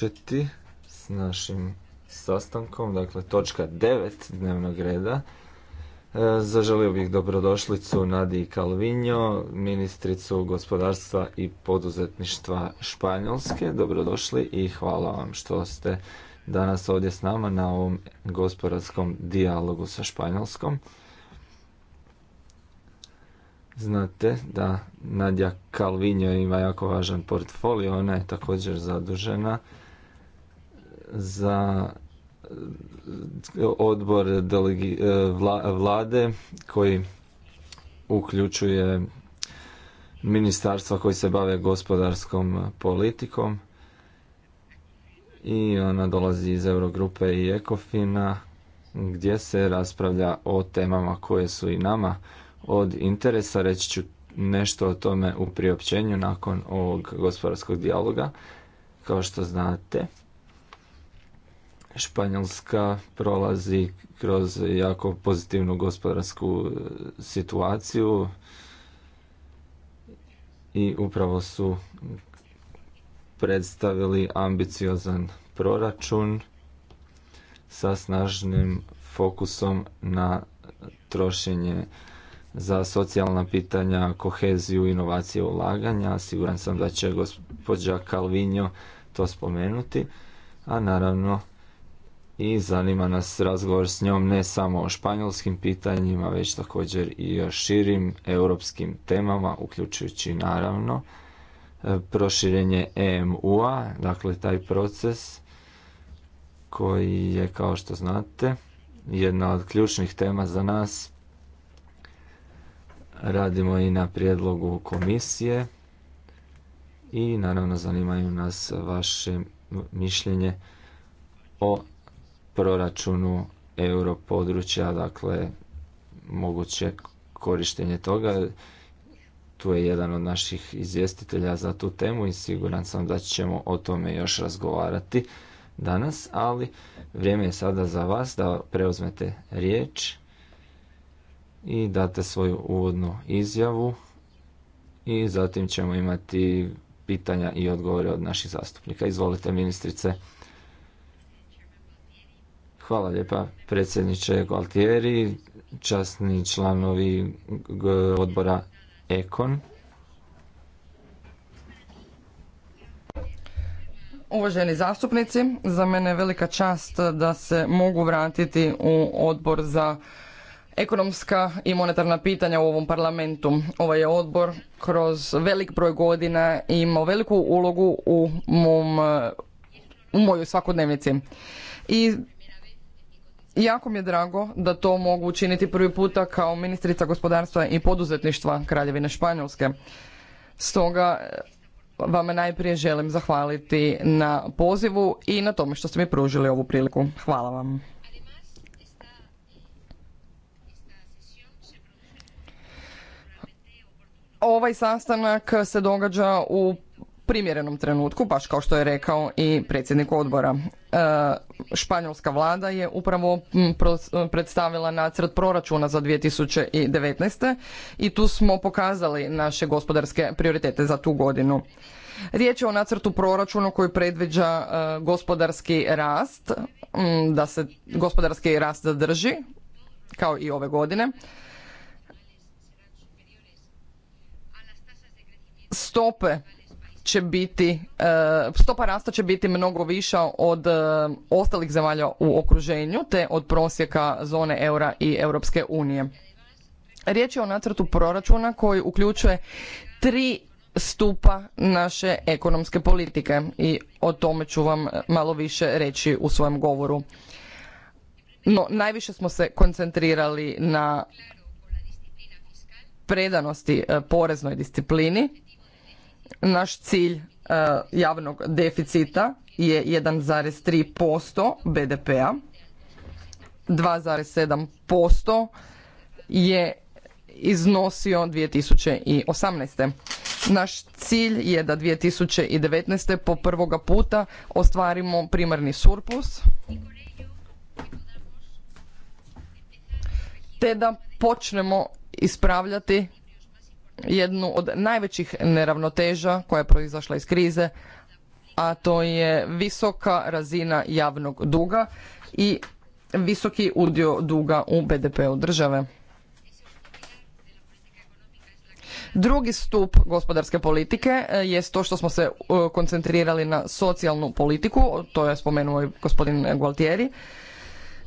početi s našim sastankom, dakle točka 9 dnevnog reda. E, zaželio bih dobrodošlicu Nadi Calvinjo, ministricu gospodarstva i poduzetništva Španjolske. Dobrodošli i hvala vam što ste danas ovdje s nama na ovom gospodarskom dijalogu sa Španjolskom. Znate da Nadja Calvinjo ima jako važan portfolio, ona je također zadužena za e, odbor delegi, e, vlade koji uključuje ministarstva koji se bave gospodarskom politikom i ona dolazi iz Eurogrupe i Ekofina gdje se raspravlja o temama koje su i nama od interesa. Reći ću nešto o tome u priopćenju nakon ovog gospodarskog dijaloga. Kao što znate, Španjolska prolazi kroz jako pozitivnu gospodarsku e, situaciju i upravo su predstavili ambiciozan proračun sa snažnim fokusom na trošenje za socijalna pitanja, koheziju, inovacije, ulaganja. Siguran sam da će gospođa Kalvinjo to spomenuti, a naravno i zanima nas razgovor s njom ne samo o španjolskim pitanjima, već također i o širim europskim temama, uključujući naravno e, proširenje EMU-a, dakle taj proces koji je, kao što znate, jedna od ključnih tema za nas. Radimo i na prijedlogu komisije i naravno zanimaju nas vaše mišljenje o proračunu područja dakle moguće korištenje toga. Tu je jedan od naših izvjestitelja za tu temu i siguran sam da ćemo o tome još razgovarati danas, ali vrijeme je sada za vas da preuzmete riječ i date svoju uvodnu izjavu i zatim ćemo imati pitanja i odgovore od naših zastupnika. Izvolite ministrice. Hvala lijepa predsjedniče Gualtieri, časni članovi odbora Ekon. Uvaženi zastupnici, za mene je velika čast da se mogu vratiti u odbor za ekonomska i monetarna pitanja u ovom parlamentu. Ovaj je odbor kroz velik broj godina imao veliku ulogu u, mom, u mojoj svakodnevnici. I jako mi je drago da to mogu učiniti prvi puta kao ministrica gospodarstva i poduzetništva Kraljevine Španjolske. Stoga e, vama najprije želim zahvaliti na pozivu i na tome što ste mi pružili ovu priliku. Hvala vam. Ovaj sastanak se događa u primjerenom trenutku, baš kao što je rekao i predsjednik odbora. E, španjolska vlada je upravo predstavila nacrt proračuna za 2019. i tu smo pokazali naše gospodarske prioritete za tu godinu. Riječ je o nacrtu proračuna koji predviđa e, gospodarski rast, da se gospodarski rast zadrži, kao i ove godine. Stope će biti, e, stopa rasta će biti mnogo viša od e, ostalih zemalja u okruženju, te od prosjeka zone eura i Europske unije. Riječ je o nacrtu proračuna koji uključuje tri stupa naše ekonomske politike i o tome ću vam malo više reći u svojem govoru. No, najviše smo se koncentrirali na predanosti e, poreznoj disciplini naš cilj e, javnog deficita je 1,3% BDP-a. 2,7% je iznosio 2018. Naš cilj je da 2019. po prvoga puta ostvarimo primarni surplus te da počnemo ispravljati jednu od najvećih neravnoteža koja je proizašla iz krize, a to je visoka razina javnog duga i visoki udio duga u BDP-u države. Drugi stup gospodarske politike e, je to što smo se e, koncentrirali na socijalnu politiku, to je spomenuo i gospodin Gualtieri.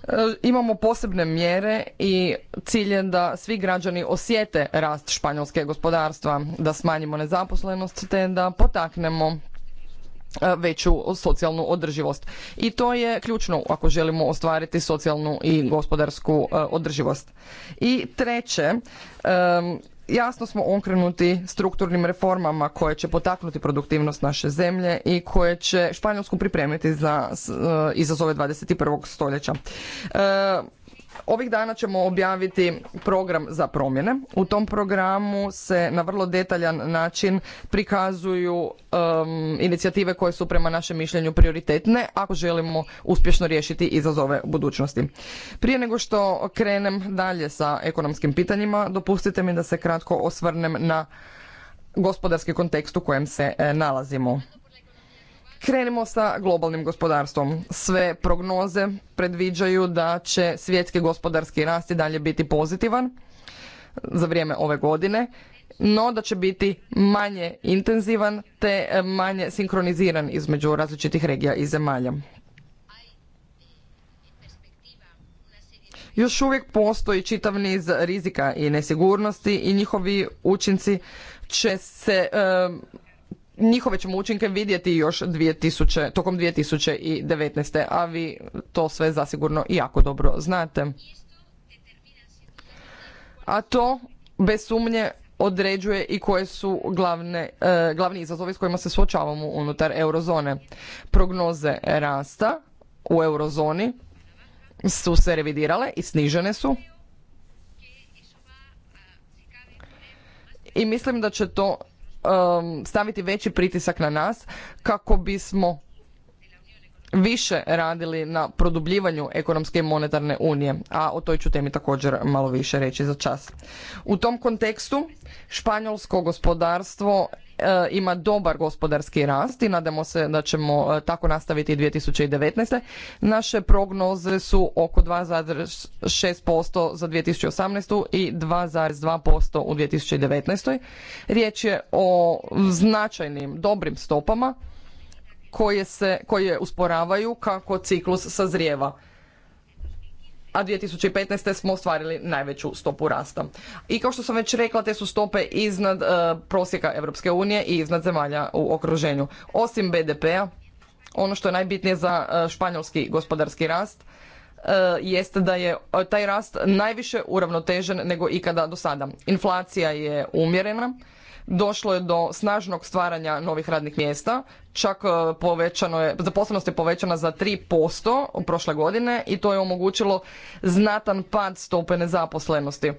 E, imamo posebne mjere i cilj je da svi građani osjete rast španjolske gospodarstva, da smanjimo nezaposlenost te da potaknemo e, veću socijalnu održivost. I to je ključno ako želimo ostvariti socijalnu i gospodarsku e, održivost. I treće, jasno smo okrenuti strukturnim reformama koje će potaknuti produktivnost naše zemlje i koje će Španjolsku pripremiti za e, izazove 21. stoljeća. E, Ovih dana ćemo objaviti program za promjene. U tom programu se na vrlo detaljan način prikazuju inicijative koje su prema našem mišljenju prioritetne ako želimo uspješno riješiti izazove budućnosti. Prije nego što krenem dalje sa ekonomskim pitanjima, dopustite mi da se kratko osvrnem na gospodarski kontekst u kojem se e, nalazimo. Krenimo sa globalnim gospodarstvom. Sve prognoze predviđaju da će svjetski gospodarski rast i dalje biti pozitivan za vrijeme ove godine, no da će biti manje intenzivan te manje sinkroniziran između različitih regija i zemalja. Još uvijek postoji čitav niz rizika i nesigurnosti i njihovi učinci će se njihove ćemo učinke vidjeti još 2000, tokom 2019. A vi to sve zasigurno jako dobro znate. A to bez sumnje određuje i koje su glavne, e, glavni izazovi s kojima se suočavamo unutar eurozone. Prognoze rasta u eurozoni su se revidirale i snižene su. I mislim da će to Um, staviti veći pritisak na nas kako bismo više radili na produbljivanju ekonomske i monetarne unije, a o toj ću temi također malo više reći za čas. U tom kontekstu španjolsko gospodarstvo E, ima dobar gospodarski rast i nadamo se da ćemo e, tako nastaviti i 2019. Naše prognoze su oko 2,6% za 2018. i 2,2% u 2019. Riječ je o značajnim, dobrim stopama koje, se, koje usporavaju kako ciklus sazrijeva a 2015. smo ostvarili najveću stopu rasta. I kao što sam već rekla, te su stope iznad e, prosjeka Europske unije i iznad zemalja u okruženju. Osim BDP-a, ono što je najbitnije za e, španjolski gospodarski rast e, jeste da je taj rast najviše uravnotežen nego ikada do sada. Inflacija je umjerena, došlo je do snažnog stvaranja novih radnih mjesta, čak e, povećano je, zaposlenost je povećana za 3% u prošle godine i to je omogućilo znatan pad stope nezaposlenosti.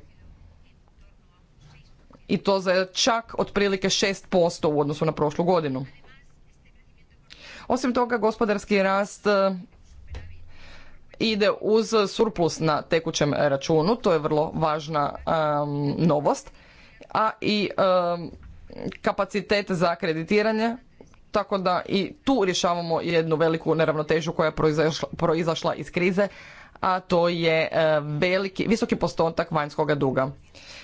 I to za čak otprilike 6% u odnosu na prošlu godinu. Osim toga, gospodarski rast e, ide uz surplus na tekućem računu, to je vrlo važna novost a i kapacitet za akreditiranje, tako da i tu rješavamo jednu veliku neravnotežu koja je proizašla, iz krize a to je veliki, visoki postotak vanjskog duga.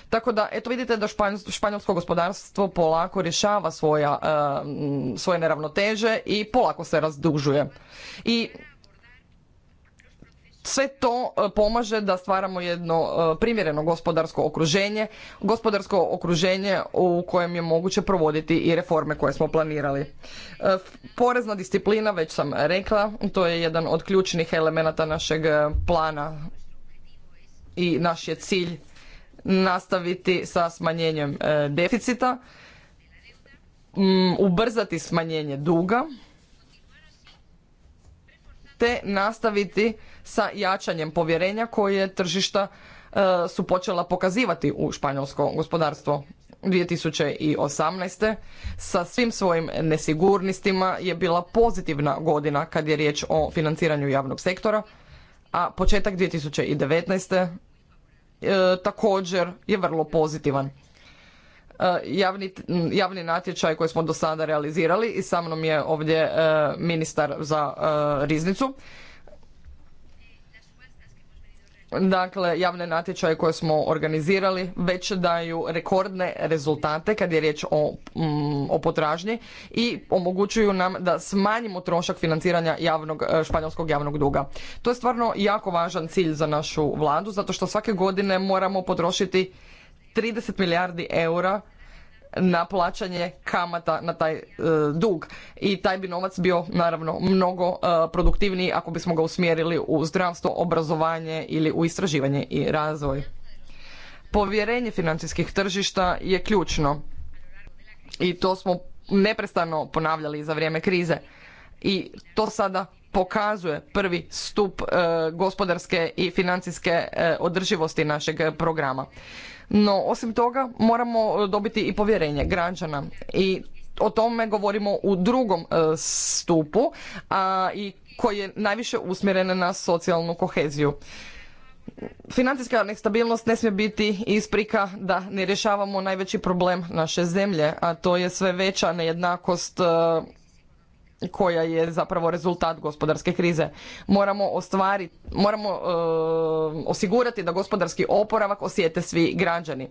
Tako da, eto vidite da španjolsko gospodarstvo polako rješava svoja, svoje neravnoteže i polako se razdužuje. I sve to e, pomaže da stvaramo jedno e, primjereno gospodarsko okruženje, gospodarsko okruženje u kojem je moguće provoditi i reforme koje smo planirali. E, porezna disciplina, već sam rekla, to je jedan od ključnih elemenata našeg plana i naš je cilj nastaviti sa smanjenjem deficita, ubrzati smanjenje duga, te nastaviti sa jačanjem povjerenja koje tržišta e, su počela pokazivati u španjolsko gospodarstvo. 2018. sa svim svojim nesigurnostima je bila pozitivna godina kad je riječ o financiranju javnog sektora, a početak 2019. E, također je vrlo pozitivan. E, javni, natječaj koji smo do sada realizirali i sa mnom je ovdje ministar za riznicu Dakle, javne natječaje koje smo organizirali već daju rekordne rezultate kad je riječ o, mm, o potražnji i omogućuju nam da smanjimo trošak financiranja javnog, e, španjolskog javnog duga. To je stvarno jako važan cilj za našu vladu zato što svake godine moramo potrošiti 30 milijardi eura na plaćanje kamata na taj e, dug i taj bi novac bio naravno mnogo e, produktivniji ako bismo ga usmjerili u zdravstvo, obrazovanje ili u istraživanje i razvoj. Povjerenje financijskih tržišta je ključno i to smo neprestano ponavljali za vrijeme krize i to sada pokazuje prvi stup e, gospodarske i financijske e, održivosti našeg programa. No, osim toga, moramo dobiti i povjerenje građana i o tome govorimo u drugom e, stupu a, i koji je najviše usmjeren na socijalnu koheziju. Financijska nestabilnost ne smije biti isprika da ne rješavamo najveći problem naše zemlje, a to je sve veća nejednakost koja je zapravo rezultat gospodarske krize. Moramo ostvariti, moramo e, osigurati da gospodarski oporavak osjete svi građani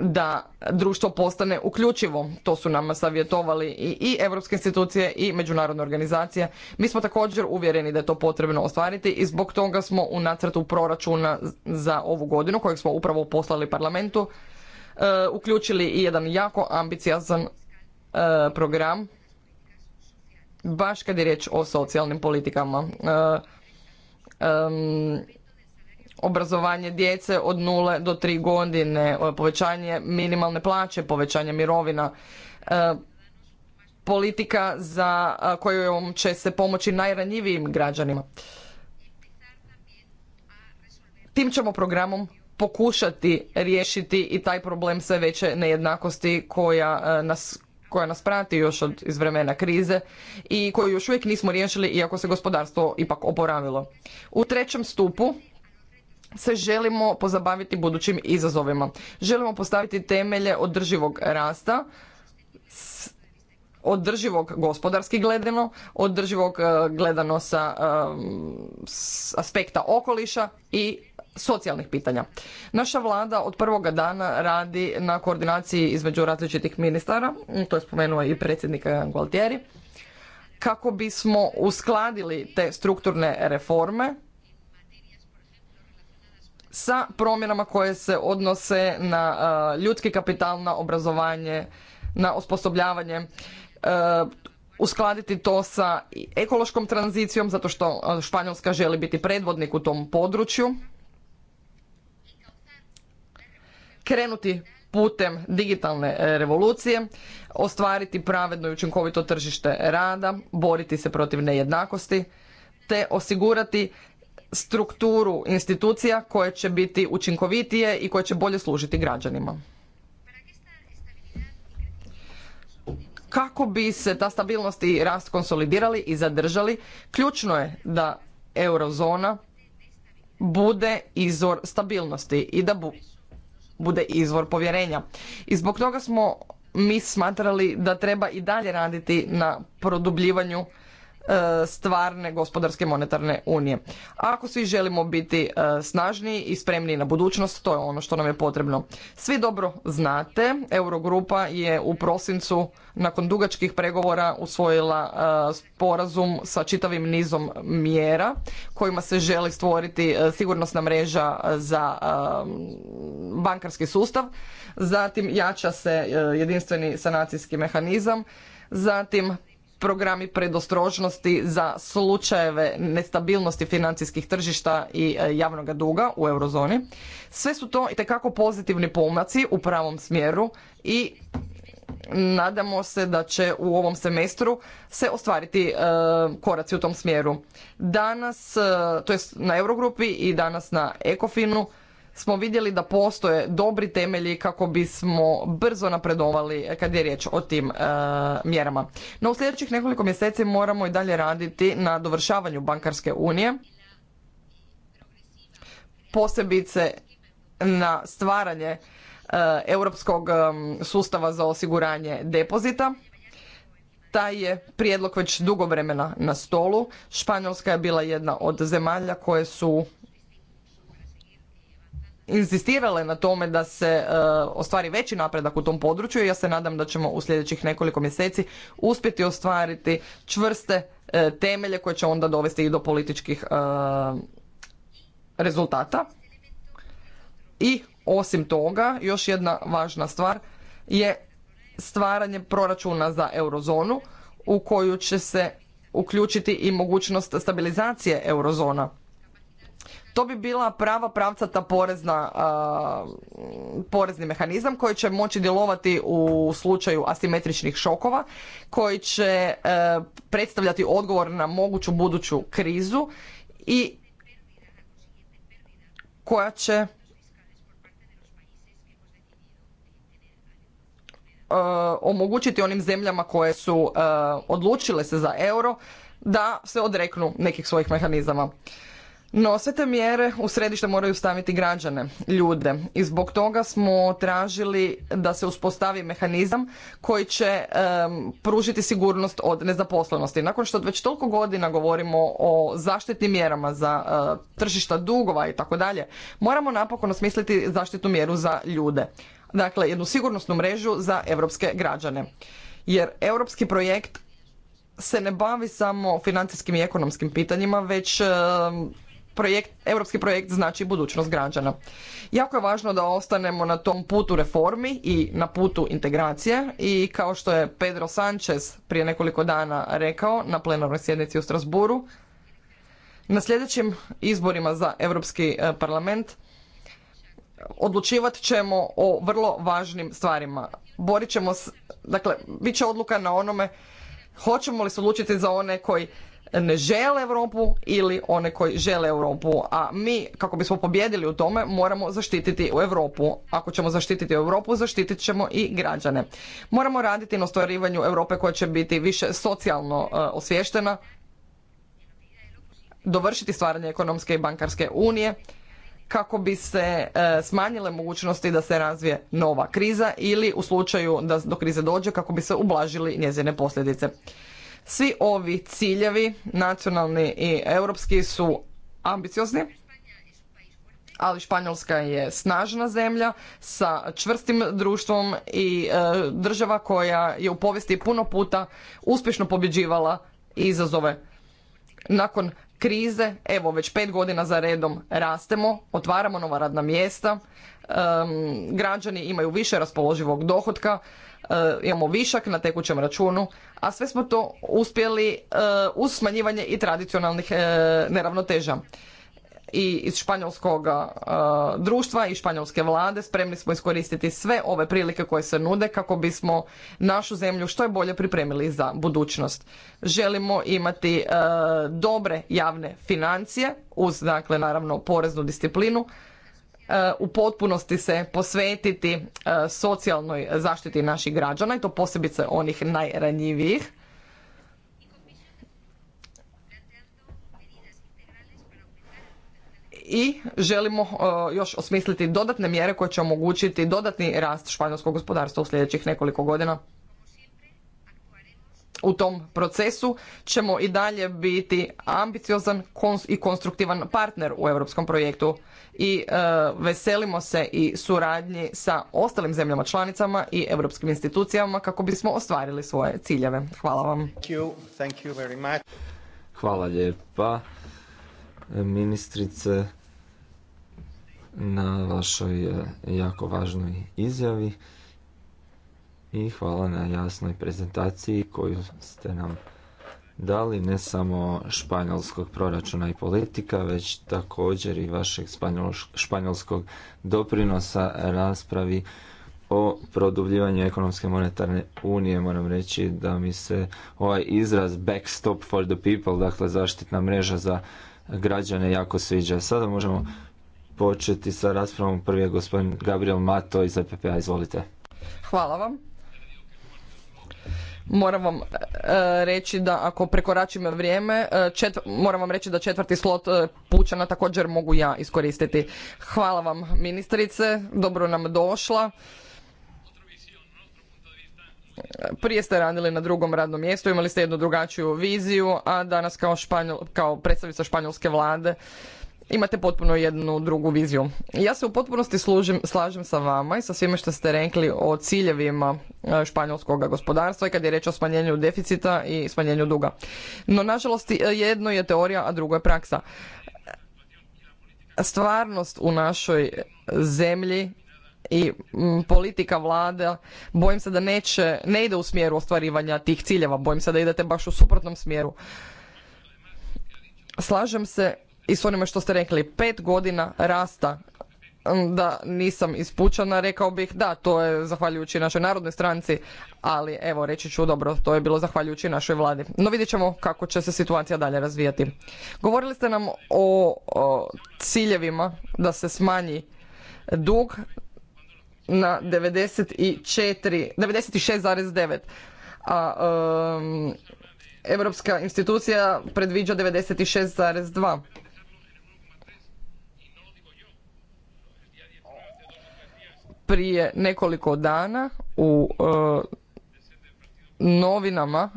da društvo postane uključivo. To su nam savjetovali i, i europske institucije i međunarodne organizacije. Mi smo također uvjereni da je to potrebno ostvariti i zbog toga smo u nacrtu proračuna za ovu godinu kojeg smo upravo poslali parlamentu e, uključili i jedan jako ambiciozan e, program baš kad je riječ o socijalnim politikama. E, obrazovanje djece od 0 do tri godine, e, povećanje minimalne plaće, povećanje mirovina, e, politika za kojom će se pomoći najranjivijim građanima. Tim ćemo programom pokušati riješiti i taj problem sve veće nejednakosti koja nas koja nas prati još od iz vremena krize i koju još uvijek nismo riješili iako se gospodarstvo ipak oporavilo. U trećem stupu se želimo pozabaviti budućim izazovima. Želimo postaviti temelje održivog rasta, održivog gospodarski gledano, održivog e, gledano sa e, aspekta okoliša i socijalnih pitanja. Naša vlada od prvoga dana radi na koordinaciji između različitih ministara, to je spomenuo i predsjednik Gualtieri, kako bismo uskladili te strukturne reforme sa promjenama koje se odnose na ljudski kapital, na obrazovanje, na osposobljavanje, e, uskladiti to sa ekološkom tranzicijom, zato što Španjolska želi biti predvodnik u tom području krenuti putem digitalne e, revolucije, ostvariti pravedno i učinkovito tržište rada, boriti se protiv nejednakosti, te osigurati strukturu institucija koje će biti učinkovitije i koje će bolje služiti građanima. Kako bi se ta stabilnost i rast konsolidirali i zadržali, ključno je da eurozona bude izvor stabilnosti i da bude izvor povjerenja. I zbog toga smo mi smatrali da treba i dalje raditi na produbljivanju E, stvarne gospodarske monetarne unije. ako svi želimo biti e, snažniji i spremniji na budućnost, to je ono što nam je potrebno. Svi dobro znate, Eurogrupa je u prosincu nakon dugačkih pregovora usvojila e, sporazum sa čitavim nizom mjera kojima se želi stvoriti sigurnosna mreža za bankarski sustav. Zatim jača se jedinstveni sanacijski mehanizam. Zatim programi predostrožnosti za slučajeve nestabilnosti financijskih tržišta i e, javnog duga u eurozoni. Sve su to itekako pozitivni pomaci u pravom smjeru i nadamo se da će u ovom semestru se ostvariti e, koraci u tom smjeru. Danas, e, to jest na Eurogrupi i danas na Ekofinu, smo vidjeli da postoje dobri temelji kako bismo brzo napredovali kad je riječ o tim e, mjerama. No u sljedećih nekoliko mjeseci moramo i dalje raditi na dovršavanju bankarske unije, posebice na stvaranje e, europskog e, sustava za osiguranje depozita. Taj je prijedlog već dugo vremena na stolu. Španjolska je bila jedna od zemalja koje su inzistirale na tome da se e, ostvari veći napredak u tom području i ja se nadam da ćemo u sljedećih nekoliko mjeseci uspjeti ostvariti čvrste e, temelje koje će onda dovesti i do političkih e, rezultata. I osim toga, još jedna važna stvar je stvaranje proračuna za eurozonu u koju će se uključiti i mogućnost stabilizacije eurozona to bi bila prava pravcata porezna, porezni mehanizam koji će moći djelovati u slučaju asimetričnih šokova, koji će e, predstavljati odgovor na moguću buduću krizu i koja će e, omogućiti onim zemljama koje su e, odlučile se za euro da se odreknu nekih svojih mehanizama. No sve te mjere u središte moraju staviti građane, ljude i zbog toga smo tražili da se uspostavi mehanizam koji će pružiti sigurnost od nezaposlenosti. Nakon što već toliko godina govorimo o zaštitnim mjerama za e, tržišta dugova i tako dalje, moramo napokon osmisliti zaštitnu mjeru za ljude. Dakle, jednu sigurnosnu mrežu za europske građane. Jer europski projekt se ne bavi samo financijskim i ekonomskim pitanjima, već projekt, europski projekt znači budućnost građana. Jako je važno da ostanemo na tom putu reformi i na putu integracije i kao što je Pedro Sanchez prije nekoliko dana rekao na plenarnoj sjednici u Strasburu, na sljedećim izborima za Europski e, parlament odlučivat ćemo o vrlo važnim stvarima. Borit ćemo, dakle, bit će odluka na onome hoćemo li se odlučiti za one koji ne žele Europu ili one koji žele Europu. A mi, kako bismo pobjedili u tome, moramo zaštititi u Europu. Ako ćemo zaštititi Europu, zaštitit ćemo i građane. Moramo raditi na ostvarivanju Europe koja će biti više socijalno e, osvještena, dovršiti stvaranje ekonomske i bankarske unije, kako bi se e, smanjile mogućnosti da se razvije nova kriza ili u slučaju da do krize dođe kako bi se ublažili njezine posljedice. Svi ovi ciljevi, nacionalni i europski, su ambiciozni, ali Španjolska je snažna zemlja sa čvrstim društvom i e, država koja je u povijesti puno puta uspješno pobjeđivala izazove. Nakon krize, evo već pet godina za redom rastemo, otvaramo nova radna mjesta, građani imaju više raspoloživog dohotka, eh, imamo višak na tekućem računu, a sve smo to uspjeli eh, uz smanjivanje i tradicionalnih eh, neravnoteža i iz španjolskog e, društva i španjolske vlade spremni smo iskoristiti sve ove prilike koje se nude kako bismo našu zemlju što je bolje pripremili za budućnost. Želimo imati e, dobre javne financije uz dakle naravno poreznu disciplinu e, u potpunosti se posvetiti socijalnoj zaštiti naših građana i to posebice onih najranjivijih i želimo e, još osmisliti dodatne mjere koje će omogućiti dodatni rast španjolskog gospodarstva u sljedećih nekoliko godina. U tom procesu ćemo i dalje biti ambiciozan i konstruktivan partner u europskom projektu i e, veselimo se i suradnji sa ostalim zemljama članicama i europskim institucijama kako bismo ostvarili svoje ciljeve. Hvala vam. Hvala ministrice na vašoj e, jako važnoj izjavi i hvala na jasnoj prezentaciji koju ste nam dali ne samo španjolskog proračuna i politika, već također i vašeg španjolskog doprinosa raspravi o produbljivanju ekonomske monetarne unije. Moram reći da mi se ovaj izraz backstop for the people, dakle zaštitna mreža za građane jako sviđa. Sada možemo početi sa raspravom. Prvi je gospodin Gabriel Mato iz e PPA. Izvolite. Hvala vam. Moram vam e, reći da ako prekoračim vrijeme, e, moram vam reći da četvrti slot pučana također mogu ja iskoristiti. Hvala vam ministrice, dobro nam došla. Prije ste radili na drugom radnom mjestu, imali ste jednu drugačiju viziju, a danas kao, španjol, kao predstavnica španjolske vlade imate potpuno jednu drugu viziju. Ja se u potpunosti služim, slažem sa vama i sa svime što ste rekli o ciljevima e, španjolskog gospodarstva i kad je reč o smanjenju deficita i smanjenju duga. No, nažalost, jedno je teorija, a drugo je praksa. Stvarnost u našoj zemlji i politika vlada, bojim se da neće, ne ide u smjeru ostvarivanja tih ciljeva, bojim se da idete baš u suprotnom smjeru. Slažem se i s onime što ste rekli, pet godina rasta da nisam ispučana, rekao bih da, to je zahvaljujući našoj narodnoj stranci, ali evo reći ću dobro, to je bilo zahvaljujući našoj vladi. No vidjet ćemo kako će se situacija dalje razvijati. Govorili ste nam o, ciljevima da se smanji dug na 94, 96,9, a um, Europska institucija predviđa 96,2 prije nekoliko dana u e, novinama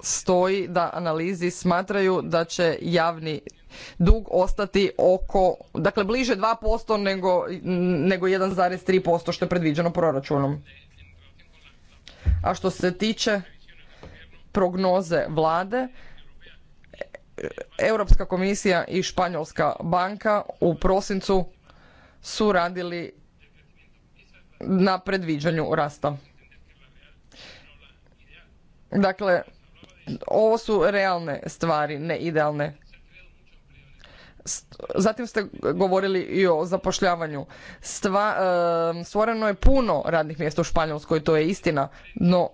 stoji da analizi smatraju da će javni dug ostati oko, dakle bliže 2% nego, nego 1,3% što je predviđeno proračunom. A što se tiče prognoze vlade, Europska komisija i Španjolska banka u prosincu su radili na predviđanju rasta. Dakle, ovo su realne stvari, ne idealne. Zatim ste govorili i o zapošljavanju. E, stvoreno je puno radnih mjesta u Španjolskoj, to je istina, no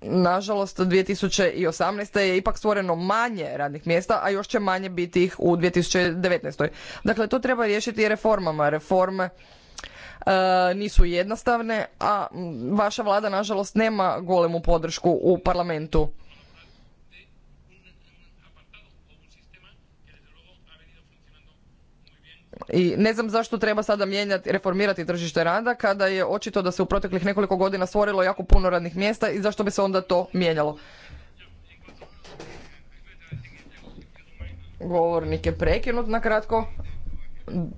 nažalost 2018. je ipak stvoreno manje radnih mjesta, a još će manje biti ih u 2019. Dakle, to treba riješiti reformama. Reforme e, nisu jednostavne, a vaša vlada nažalost nema golemu podršku u parlamentu. I ne znam zašto treba sada mijenjati, reformirati tržište rada kada je očito da se u proteklih nekoliko godina stvorilo jako puno radnih mjesta i zašto bi se onda to mijenjalo. Govornik je prekinut na kratko.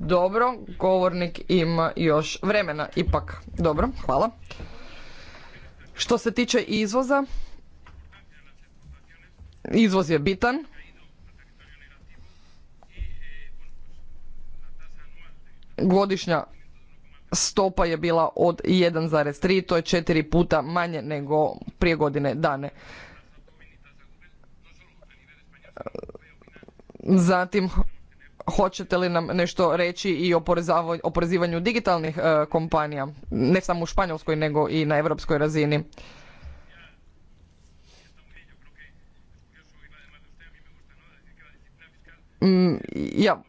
Dobro, govornik ima još vremena ipak. Dobro, hvala. Što se tiče izvoza, izvoz je bitan. godišnja stopa je bila od 1,3, to je četiri puta manje nego prije godine dane. Zatim, hoćete li nam nešto reći i o oporezivanju digitalnih e, kompanija, ne samo u Španjolskoj nego i na europskoj razini? Mm, ja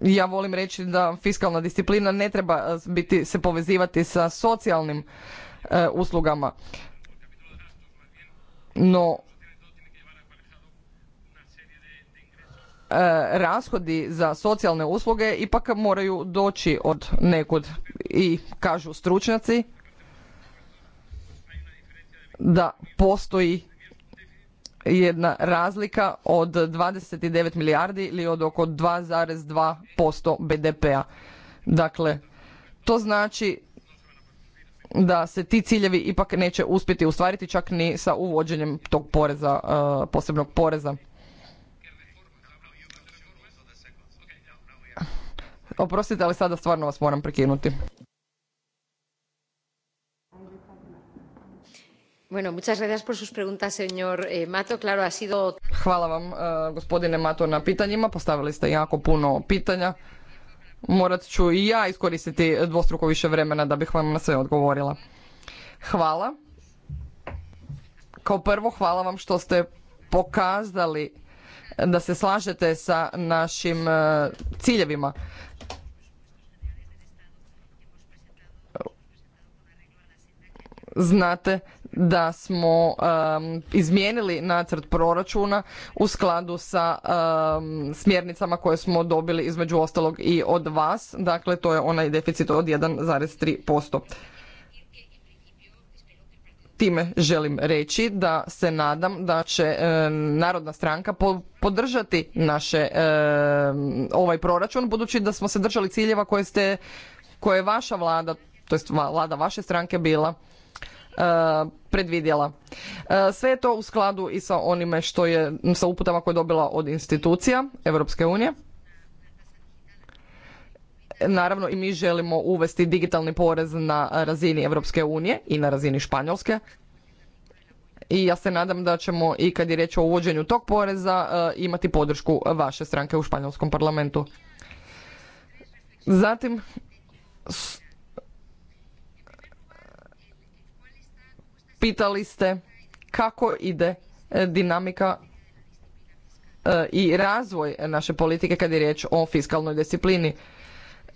ja volim reći da fiskalna disciplina ne treba e, biti, se povezivati sa socijalnim e, uslugama. No, e, rashodi za socijalne usluge ipak moraju doći od nekud i kažu stručnjaci da postoji jedna razlika od 29 milijardi ili od oko 2,2% BDP-a. Dakle, to znači da se ti ciljevi ipak neće uspjeti ustvariti čak ni sa uvođenjem tog poreza, e, posebnog poreza. Oprostite, ali sada stvarno vas moram prekinuti. Bueno, muchas gracias por sus preguntas, señor eh, Mato. Claro, Hvala vam, eh, gospodine Mato, na pitanjima. Postavili ste jako puno pitanja. Morat ću i ja iskoristiti dvostruko više vremena da bih vam na sve odgovorila. Hvala. Kao prvo, hvala vam što ste pokazali da se slažete sa našim eh, ciljevima. znate da smo um, izmijenili nacrt proračuna u skladu sa um, smjernicama koje smo dobili između ostalog i od vas, dakle to je onaj deficit od 1,3%. Time želim reći da se nadam da će um, Narodna stranka podržati naše um, ovaj proračun budući da smo se držali ciljeva koje ste koje je vaša vlada, to vlada vaše stranke bila E, predvidjela. E, sve je to u skladu i sa onime što je, sa uputama koje je dobila od institucija Europske unije. Naravno i mi želimo uvesti digitalni porez na razini Europske unije i na razini Španjolske. I ja se nadam da ćemo i kad je riječ o uvođenju tog poreza e, imati podršku vaše stranke u Španjolskom parlamentu. Zatim, Pitali ste kako ide e, dinamika e, i razvoj naše politike kad je riječ o fiskalnoj disciplini.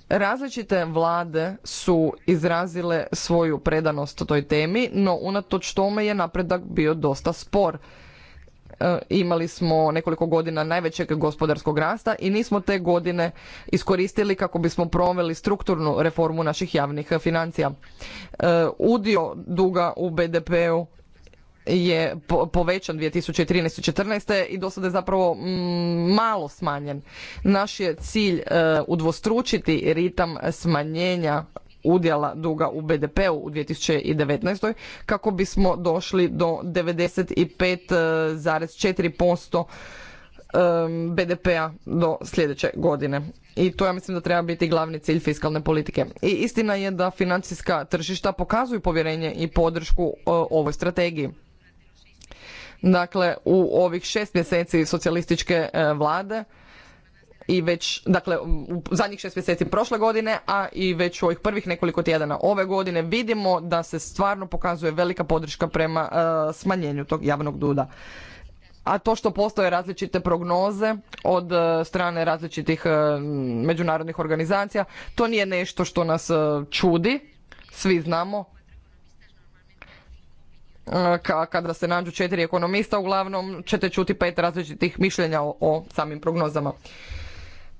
Različite vlade su izrazile svoju predanost toj temi, no unatoč tome je napredak bio dosta spor. E, imali smo nekoliko godina najvećeg gospodarskog rasta i nismo te godine iskoristili kako bismo proveli strukturnu reformu naših javnih financija. E, udio duga u BDP-u je povećan 2013. i 2014. i do sada je zapravo mm, malo smanjen. Naš je cilj e, udvostručiti ritam smanjenja udjela duga u BDP-u u 2019. kako bismo došli do 95,4% BDP-a do sljedeće godine. I to ja mislim da treba biti glavni cilj fiskalne politike. I istina je da financijska tržišta pokazuju povjerenje i podršku e, ovoj strategiji. Dakle, u ovih šest mjeseci socijalističke e, vlade i već, dakle, u zadnjih šest mjeseci prošle godine, a i već u ovih prvih nekoliko tjedana ove godine vidimo da se stvarno pokazuje velika podrška prema e, smanjenju tog javnog duda. A to što postoje različite prognoze od e, strane različitih e, međunarodnih organizacija, to nije nešto što nas čudi, svi znamo. kada se nađu četiri ekonomista, uglavnom ćete čuti pet različitih mišljenja o samim prognozama.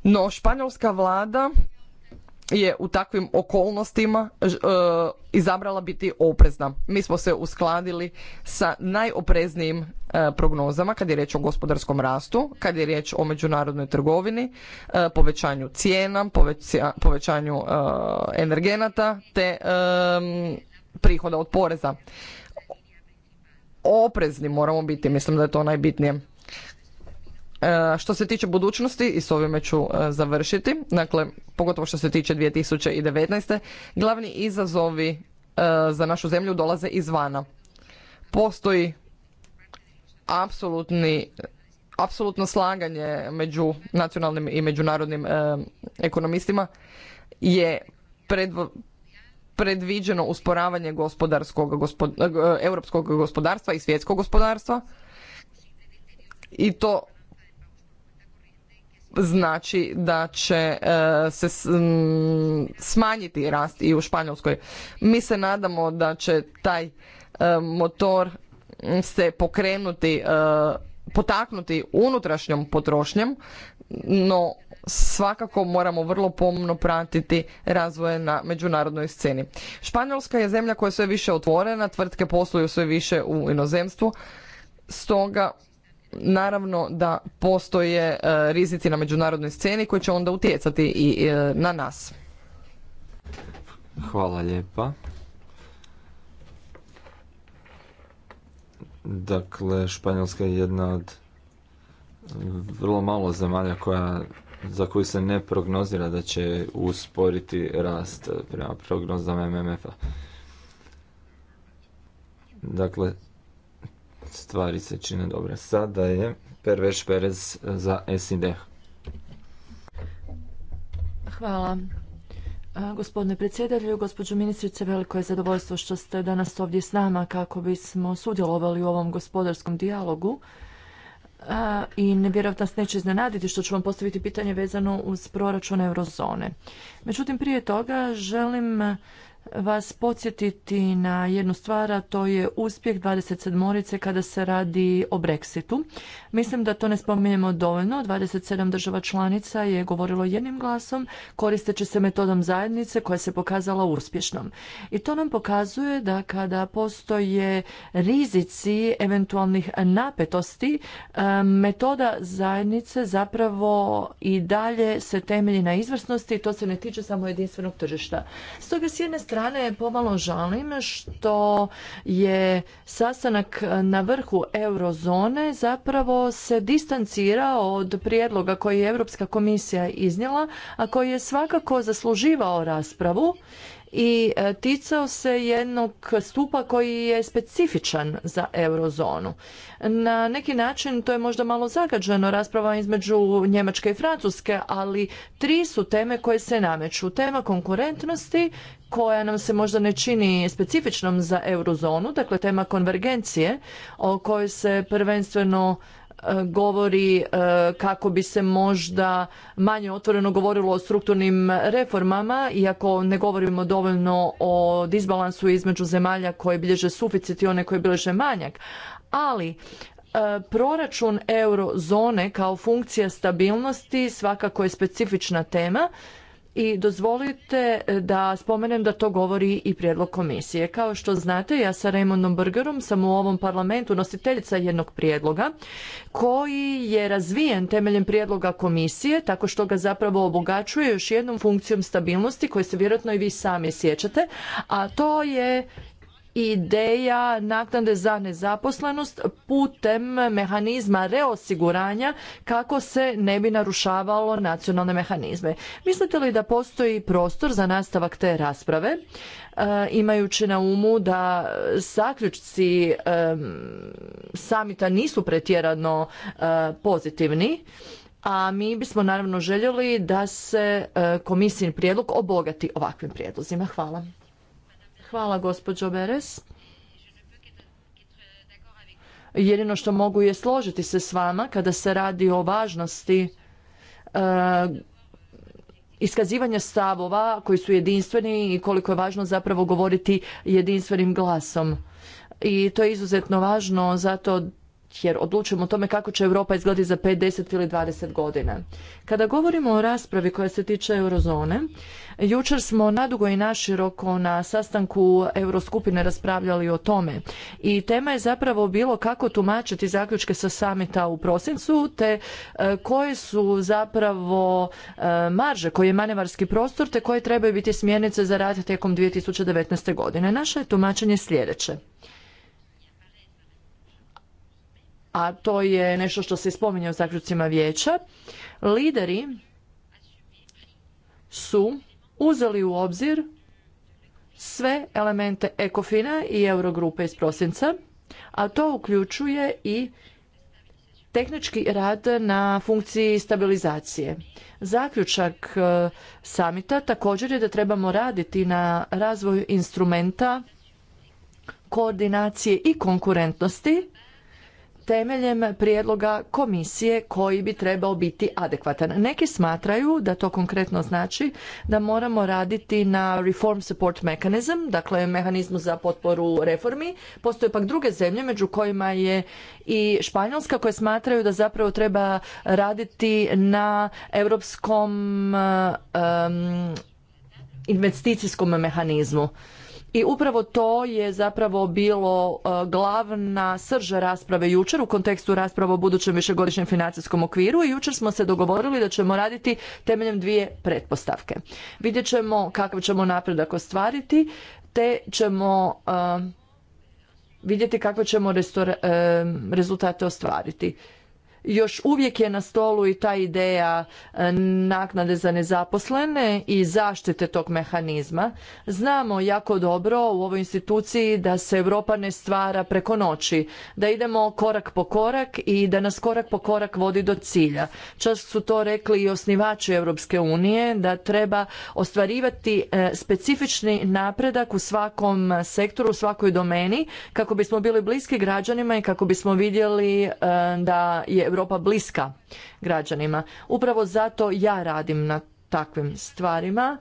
No, španjolska vlada je u takvim okolnostima e, izabrala biti oprezna. Mi smo se uskladili sa najopreznijim e, prognozama kad je riječ o gospodarskom rastu, kad je riječ o međunarodnoj trgovini, e, povećanju cijena, povećanju energenata te prihoda od poreza. Oprezni moramo biti, mislim da je to najbitnije. E, što se tiče budućnosti, i s ovime ću e, završiti, dakle, pogotovo što se tiče 2019. glavni izazovi e, za našu zemlju dolaze izvana. Postoji apsolutni apsolutno slaganje među nacionalnim i međunarodnim ekonomistima je predviđeno usporavanje gospodarskog, gospod, europskog gospodarstva i svjetskog gospodarstva i to znači da će e, se smanjiti rast i u Španjolskoj. Mi se nadamo da će taj e, motor se pokrenuti e, potaknuti unutrašnjom potrošnjom, no svakako moramo vrlo pomno pratiti razvoje na međunarodnoj sceni. Španjolska je zemlja koja je sve više otvorena, tvrtke posluju sve više u inozemstvu, stoga naravno da postoje e, rizici na međunarodnoj sceni koji će onda utjecati i e, na nas. Hvala lijepa. Dakle, Španjolska je jedna od vrlo malo zemalja koja, za koju se ne prognozira da će usporiti rast prema prognozama MMF-a. Dakle, stvari se čine dobre. Sada je Perveš Perez za SID. Hvala. E, gospodine predsjedatelju, gospođo ministrice, veliko je zadovoljstvo što ste danas ovdje s nama kako bismo sudjelovali u ovom gospodarskom dijalogu. E, I nevjerojatno nas neće iznenaditi što ću vam postaviti pitanje vezano uz proračun eurozone. Međutim, prije toga želim vas podsjetiti na jednu stvar, a to je uspjeh 27 morice kada se radi o Brexitu. Mislim da to ne spominjemo dovoljno. 27 država članica je govorilo jednim glasom, koristeći se metodom zajednice koja se pokazala uspješnom. I to nam pokazuje da kada postoje rizici eventualnih napetosti, e, metoda zajednice zapravo i dalje se temelji na izvrsnosti i to se ne tiče samo jedinstvenog tržišta. Stoga s jedne strane pomalo žalim što je sastanak na vrhu eurozone zapravo se distancirao od prijedloga koji je Europska komisija iznijela, a koji je svakako zasluživao raspravu i e, ticao se jednog stupa koji je specifičan za eurozonu. Na neki način to je možda malo zagađeno rasprava između Njemačke i Francuske, ali tri su teme koje se nameću. Tema konkurentnosti, koja nam se možda ne čini specifičnom za eurozonu, dakle tema konvergencije o kojoj se prvenstveno e, govori e, kako bi se možda manje otvoreno govorilo o strukturnim reformama, iako ne govorimo dovoljno o disbalansu između zemalja koje bilježe suficit i one koje bilježe manjak. Ali e, proračun eurozone kao funkcija stabilnosti svakako je specifična tema i dozvolite e, da spomenem da to govori i prijedlog komisije. Kao što znate, ja sa Raymondom Burgerom sam u ovom parlamentu nositeljica jednog prijedloga koji je razvijen temeljem prijedloga komisije tako što ga zapravo obogaćuje još jednom funkcijom stabilnosti koje se vjerojatno i vi sami sjećate, a to je ideja naknade za nezaposlenost putem mehanizma reosiguranja kako se ne bi narušavalo nacionalne mehanizme. Mislite li da postoji prostor za nastavak te rasprave e, imajući na umu da zaključci e, samita nisu pretjerano e, pozitivni? a mi bismo naravno željeli da se komisijin prijedlog obogati ovakvim prijedlozima. Hvala. Hvala gospođo Beres. Jedino što mogu je složiti se s vama kada se radi o važnosti e, iskazivanja stavova koji su jedinstveni i koliko je važno zapravo govoriti jedinstvenim glasom. I to je izuzetno važno zato jer odlučujemo o tome kako će Europa izgledati za 5, 10 ili 20 godina. Kada govorimo o raspravi koja se tiče eurozone, jučer smo nadugo i naširoko na sastanku euroskupine raspravljali o tome i tema je zapravo bilo kako tumačiti zaključke sa samita u prosincu te e, koje su zapravo e, marže, koji je manevarski prostor te koje trebaju biti smjernice za rad tijekom 2019. godine. Naše je tumačenje sljedeće a to je nešto što se spominje u zaključcima vijeća, lideri su uzeli u obzir sve elemente Ekofina i Eurogrupe iz prosinca, a to uključuje i tehnički rad na funkciji stabilizacije. Zaključak e, samita također je da trebamo raditi na razvoju instrumenta koordinacije i konkurentnosti temeljem prijedloga komisije koji bi trebao biti adekvatan. Neki smatraju da to konkretno znači da moramo raditi na reform support mechanism, dakle mehanizmu za potporu reformi. Postoje pak druge zemlje među kojima je i Španjolska koje smatraju da zapravo treba raditi na europskom um, investicijskom mehanizmu i upravo to je zapravo bilo e, glavna srža rasprave jučer u kontekstu rasprava o budućem višegodišnjem financijskom okviru i jučer smo se dogovorili da ćemo raditi temeljem dvije pretpostavke. Vidjet ćemo kakav ćemo napredak ostvariti te ćemo e, vidjeti kakve ćemo e, rezultate ostvariti još uvijek je na stolu i ta ideja e, naknade za nezaposlene i zaštite tog mehanizma. Znamo jako dobro u ovoj instituciji da se Europa ne stvara preko noći, da idemo korak po korak i da nas korak po korak vodi do cilja. Čas su to rekli i osnivači Europske unije da treba ostvarivati e, specifični napredak u svakom sektoru, u svakoj domeni kako bismo bili bliski građanima i kako bismo vidjeli e, da je Europa bliska građanima. Upravo zato ja radim na takvim stvarima.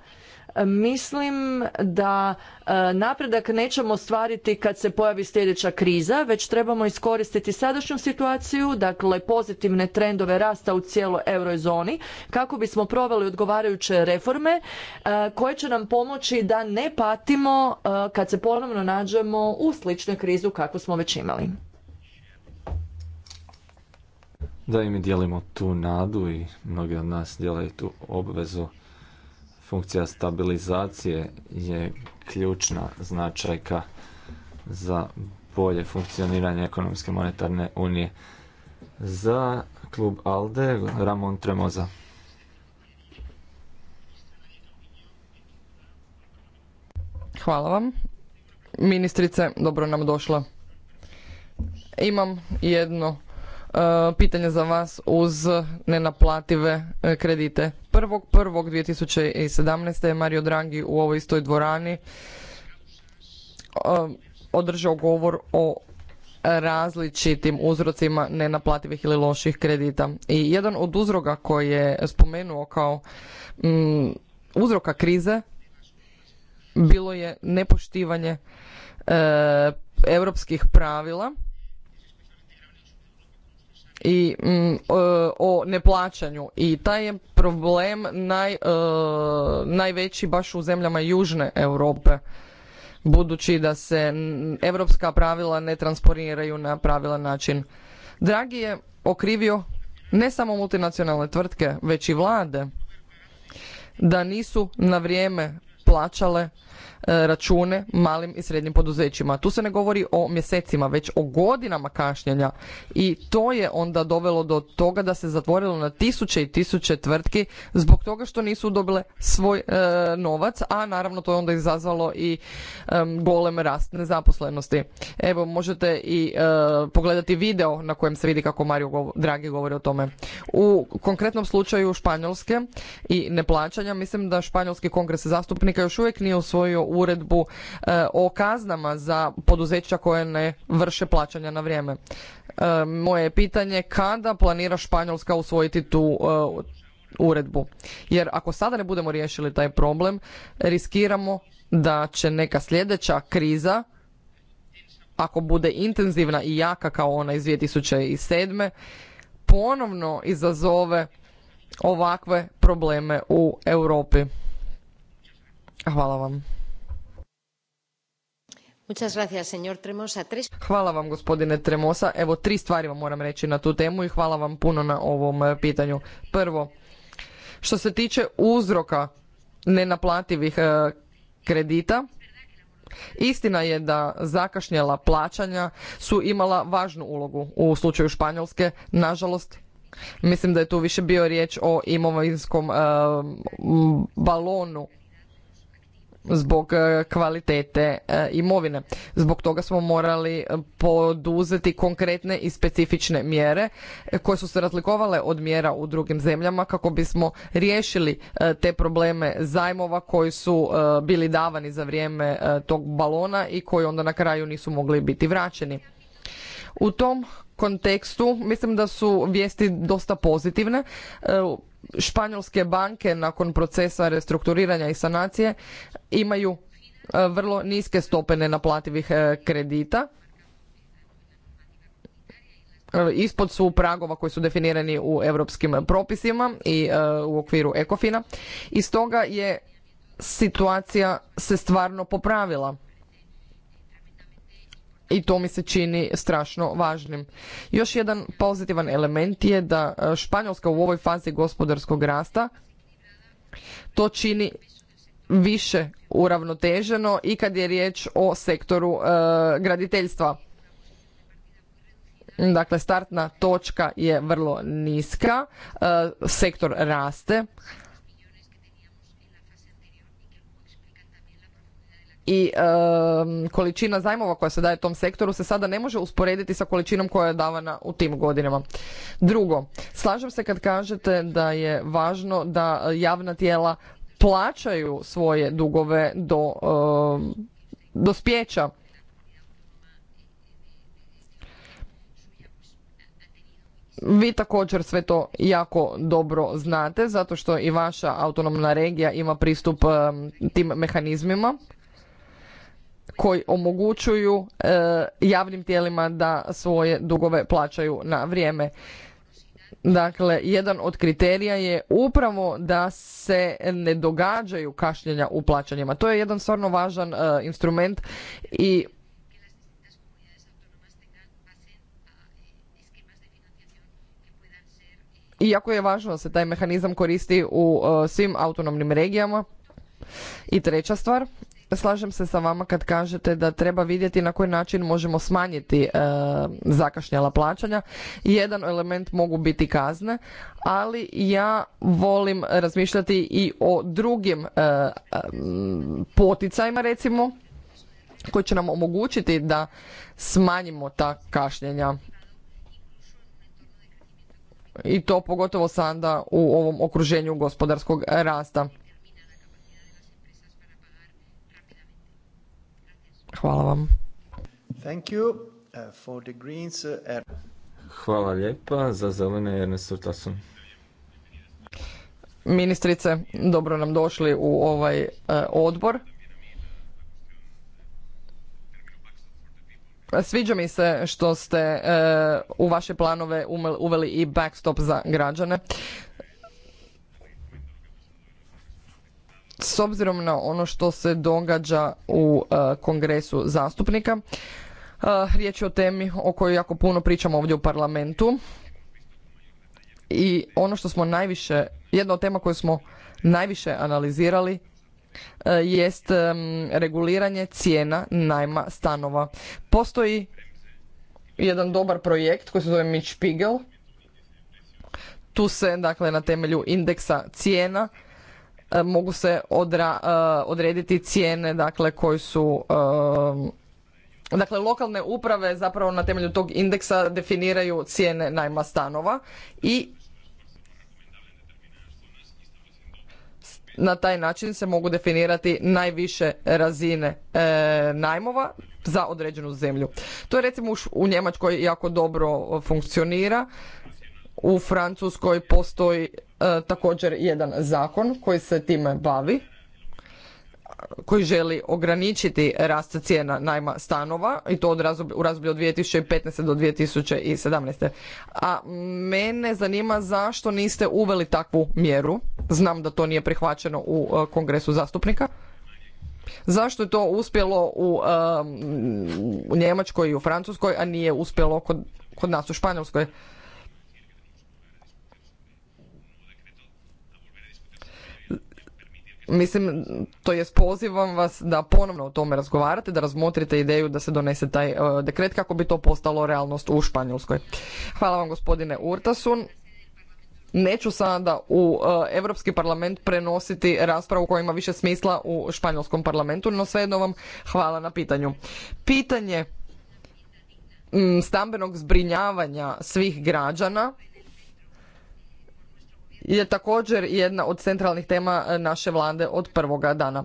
Mislim da e, napredak nećemo ostvariti kad se pojavi sljedeća kriza, već trebamo iskoristiti sadašnju situaciju, dakle pozitivne trendove rasta u cijeloj eurozoni, kako bismo proveli odgovarajuće reforme e, koje će nam pomoći da ne patimo e, kad se ponovno nađemo u sličnoj krizu kakvu smo već imali da i mi dijelimo tu nadu i mnogi od nas dijelaju tu obvezu. Funkcija stabilizacije je ključna značajka za bolje funkcioniranje ekonomske monetarne unije. Za klub ALDE Ramon Tremoza. Hvala vam. Ministrice, dobro nam došla. Imam jedno E, pitanje za vas uz nenaplative e, kredite. 1.1.2017. je Mario Draghi u ovoj istoj dvorani e, održao govor o različitim uzrocima nenaplativih ili loših kredita. I jedan od uzroka koji je spomenuo kao mm, uzroka krize bilo je nepoštivanje europskih pravila i mm, e, o neplaćanju i taj je problem naj, e, najveći baš u zemljama južne Europe budući da se europska pravila ne transponiraju na pravilan način. Dragi je okrivio ne samo multinacionalne tvrtke, već i vlade da nisu na vrijeme plaćale E, račune malim i srednjim poduzećima. Tu se ne govori o mjesecima, već o godinama kašnjenja i to je onda dovelo do toga da se zatvorilo na tisuće i tisuće tvrtki zbog toga što nisu dobile svoj e, novac, a naravno to je onda izazvalo i golem rast nezaposlenosti. Evo, možete i e, pogledati video na kojem se vidi kako Mario Dragi govori o tome. U konkretnom slučaju Španjolske i neplaćanja, mislim da Španjolski kongres zastupnika još uvijek nije u svoj usvojio uredbu e, o kaznama za poduzeća koje ne vrše plaćanja na vrijeme. E, moje je pitanje kada planira Španjolska usvojiti tu e, uredbu. Jer ako sada ne budemo riješili taj problem, riskiramo da će neka sljedeća kriza, ako bude intenzivna i jaka kao ona iz 2007. ponovno izazove ovakve probleme u Europi. Hvala vam. Hvala vam gospodine Tremosa. Evo tri stvari vam moram reći na tu temu i hvala vam puno na ovom e, pitanju. Prvo, što se tiče uzroka nenaplativih e, kredita, Istina je da zakašnjela plaćanja su imala važnu ulogu u slučaju Španjolske, nažalost. Mislim da je tu više bio riječ o imovinskom e, balonu zbog e, kvalitete e, imovine. Zbog toga smo morali e, poduzeti konkretne i specifične mjere koje su se razlikovale od mjera u drugim zemljama kako bismo riješili te probleme zajmova koji su bili davani za vrijeme tog balona i koji onda na kraju nisu mogli biti vraćeni. U tom kontekstu mislim da su vijesti dosta pozitivne. E, španjolske banke nakon procesa restrukturiranja i sanacije imaju e, vrlo niske stope nenaplativih e, kredita. Ispod su pragova koji su definirani u europskim propisima i u okviru ekofina i stoga je situacija se stvarno popravila i to mi se čini strašno važnim. Još jedan pozitivan element je da e, Španjolska u ovoj fazi gospodarskog rasta to čini više uravnoteženo i kad je riječ o sektoru e, graditeljstva. Dakle, startna točka je vrlo niska, e, sektor raste, i količina zajmova koja se daje tom sektoru se sada ne može usporediti sa količinom koja je davana u tim godinama. Drugo, slažem se kad kažete da je važno da javna tijela plaćaju svoje dugove do e, spjeća. Vi također sve to jako dobro znate zato što i vaša autonomna regija ima pristup tim mehanizmima koji omogućuju e, javnim tijelima da svoje dugove plaćaju na vrijeme. Dakle, jedan od kriterija je upravo da se ne događaju kašnjenja u plaćanjima. To je jedan stvarno važan e, instrument i Iako je važno da se taj mehanizam koristi u e, svim autonomnim regijama. I treća stvar Slažem se sa vama kad kažete da treba vidjeti na koji način možemo smanjiti e, zakašnjela plaćanja. Jedan element mogu biti kazne, ali ja volim razmišljati i o drugim e, poticajima recimo koji će nam omogućiti da smanjimo ta kašnjenja i to pogotovo sada u ovom okruženju gospodarskog rasta. Hvala vam. Thank you uh, for the greens. Uh, er- Hvala lijepa za zelene Ernest su Ministrice, dobro nam došli u ovaj uh, odbor. Sviđa mi se što ste u vaše planove uveli i backstop za građane. s obzirom na ono što se događa u e, kongresu zastupnika, e, riječ je o temi o kojoj jako puno pričamo ovdje u parlamentu i ono što smo najviše, jedna od tema koju smo najviše analizirali e, jest reguliranje cijena najma stanova. Postoji jedan dobar projekt koji se zove Mitch Spiegel. Tu se dakle na temelju indeksa cijena E, mogu se e, odrediti cijene dakle koji su e, dakle lokalne uprave zapravo na temelju tog indeksa definiraju cijene najma stanova i na taj način se mogu definirati najviše razine najmova za određenu zemlju. To je recimo u Njemačkoj jako dobro funkcionira u Francuskoj postoji e, također jedan zakon koji se time bavi, koji želi ograničiti rast cijena najma stanova i to od u razdoblju od 2015. do 2017. A mene zanima zašto niste uveli takvu mjeru. Znam da to nije prihvaćeno u e, Kongresu zastupnika. Zašto je to uspjelo u, e, u Njemačkoj i u Francuskoj, a nije uspjelo kod, kod nas u Španjolskoj? Mislim, to je pozivam vas da ponovno o tome razgovarate, da razmotrite ideju da se donese taj e, dekret kako bi to postalo realnost u Španjolskoj. Hvala vam gospodine Urtasun. Neću sada u Europski parlament prenositi raspravu koja ima više smisla u Španjolskom parlamentu, no svejedno vam hvala na pitanju. Pitanje stambenog zbrinjavanja svih građana je također jedna od centralnih tema e, naše vlade od prvoga dana.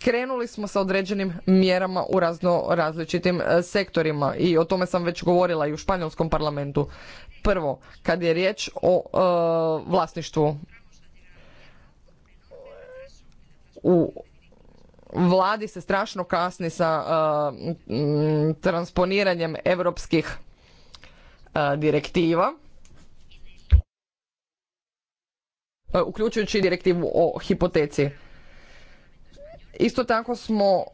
Krenuli smo sa određenim mjerama u razno različitim e, sektorima i o tome sam već govorila i u španjolskom parlamentu. Prvo, kad je riječ o e, vlasništvu u vladi se strašno kasni sa transponiranjem europskih direktiva E, uključujući direktivu o hipoteci. Isto tako smo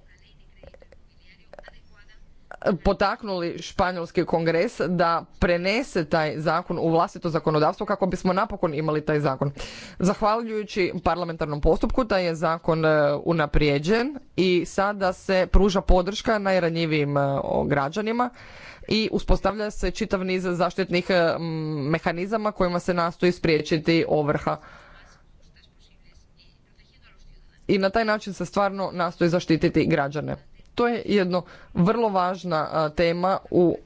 potaknuli španjolski kongres da prenese taj zakon u vlastito zakonodavstvo kako bismo napokon imali taj zakon. Zahvaljujući parlamentarnom postupku taj je zakon e, unaprijeđen i sada se pruža podrška najranjivijim e, građanima i uspostavlja se čitav niz zaštitnih mehanizama kojima se nastoji spriječiti ovrha i na taj način se stvarno nastoji zaštititi građane. To je jedno vrlo važna tema u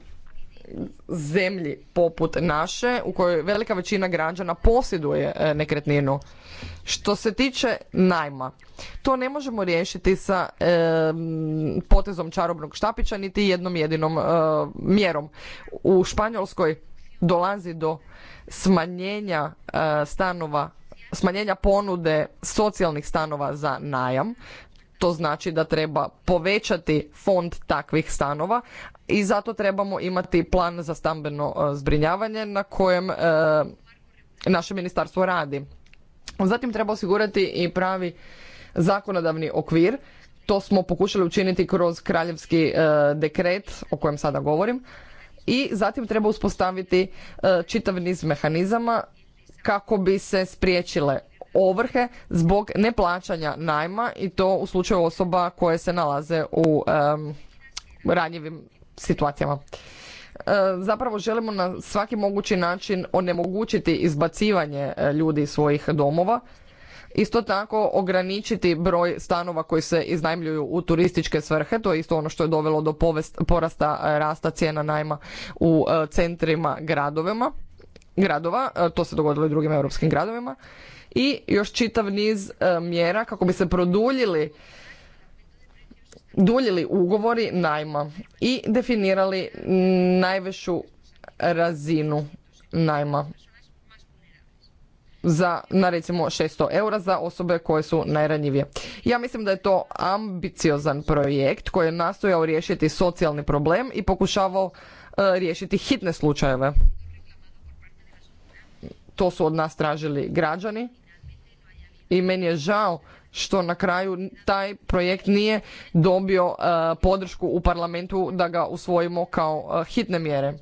zemlji poput naše u kojoj velika većina građana posjeduje e, nekretninu. Što se tiče najma, to ne možemo riješiti sa e, potezom čarobnog štapića niti jednom jedinom e, mjerom. U Španjolskoj dolazi do smanjenja stanova smanjenja ponude socijalnih stanova za najam to znači da treba povećati fond takvih stanova i zato trebamo imati plan za stambeno e, zbrinjavanje na kojem e, naše ministarstvo radi zatim treba osigurati i pravi zakonodavni okvir to smo pokušali učiniti kroz kraljevski e, dekret o kojem sada govorim i zatim treba uspostaviti e, čitav niz mehanizama kako bi se spriječile ovrhe zbog neplaćanja najma i to u slučaju osoba koje se nalaze u ranjivim situacijama e, zapravo želimo na svaki mogući način onemogućiti izbacivanje e, ljudi iz svojih domova. Isto tako ograničiti broj stanova koji se iznajmljuju u turističke svrhe, to je isto ono što je dovelo do porasta e, rasta cijena najma u centrima gradovima gradova, e, to se dogodilo i drugim europskim gradovima, i još čitav niz e, mjera kako bi se produljili duljili ugovori najma i definirali najveću razinu najma za na recimo 600 eura za osobe koje su najranjivije. Ja mislim da je to ambiciozan projekt koji je nastojao riješiti socijalni problem i pokušavao e, riješiti hitne slučajeve to su od nas tražili građani i meni je žao što na kraju taj projekt nije dobio e, podršku u parlamentu da ga usvojimo kao e, hitne mjere.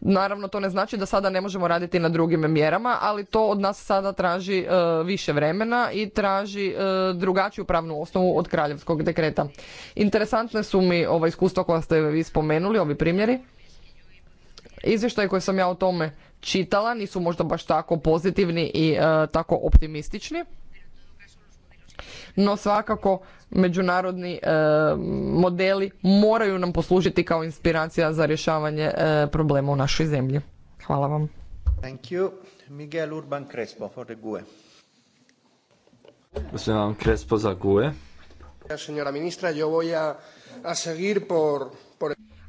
Naravno, to ne znači da sada ne možemo raditi na drugim mjerama, ali to od nas sada traži e, više vremena i traži drugačiju pravnu osnovu od kraljevskog dekreta. Interesantne su mi ova iskustva koja ste vi spomenuli, ovi primjeri izvještaj koji sam ja o tome čitala nisu možda baš tako pozitivni i e, tako optimistični. No svakako međunarodni e, modeli moraju nam poslužiti kao inspiracija za rješavanje e, problema u našoj zemlji. Hvala vam. Thank you. Miguel Urban Crespo for the GUE.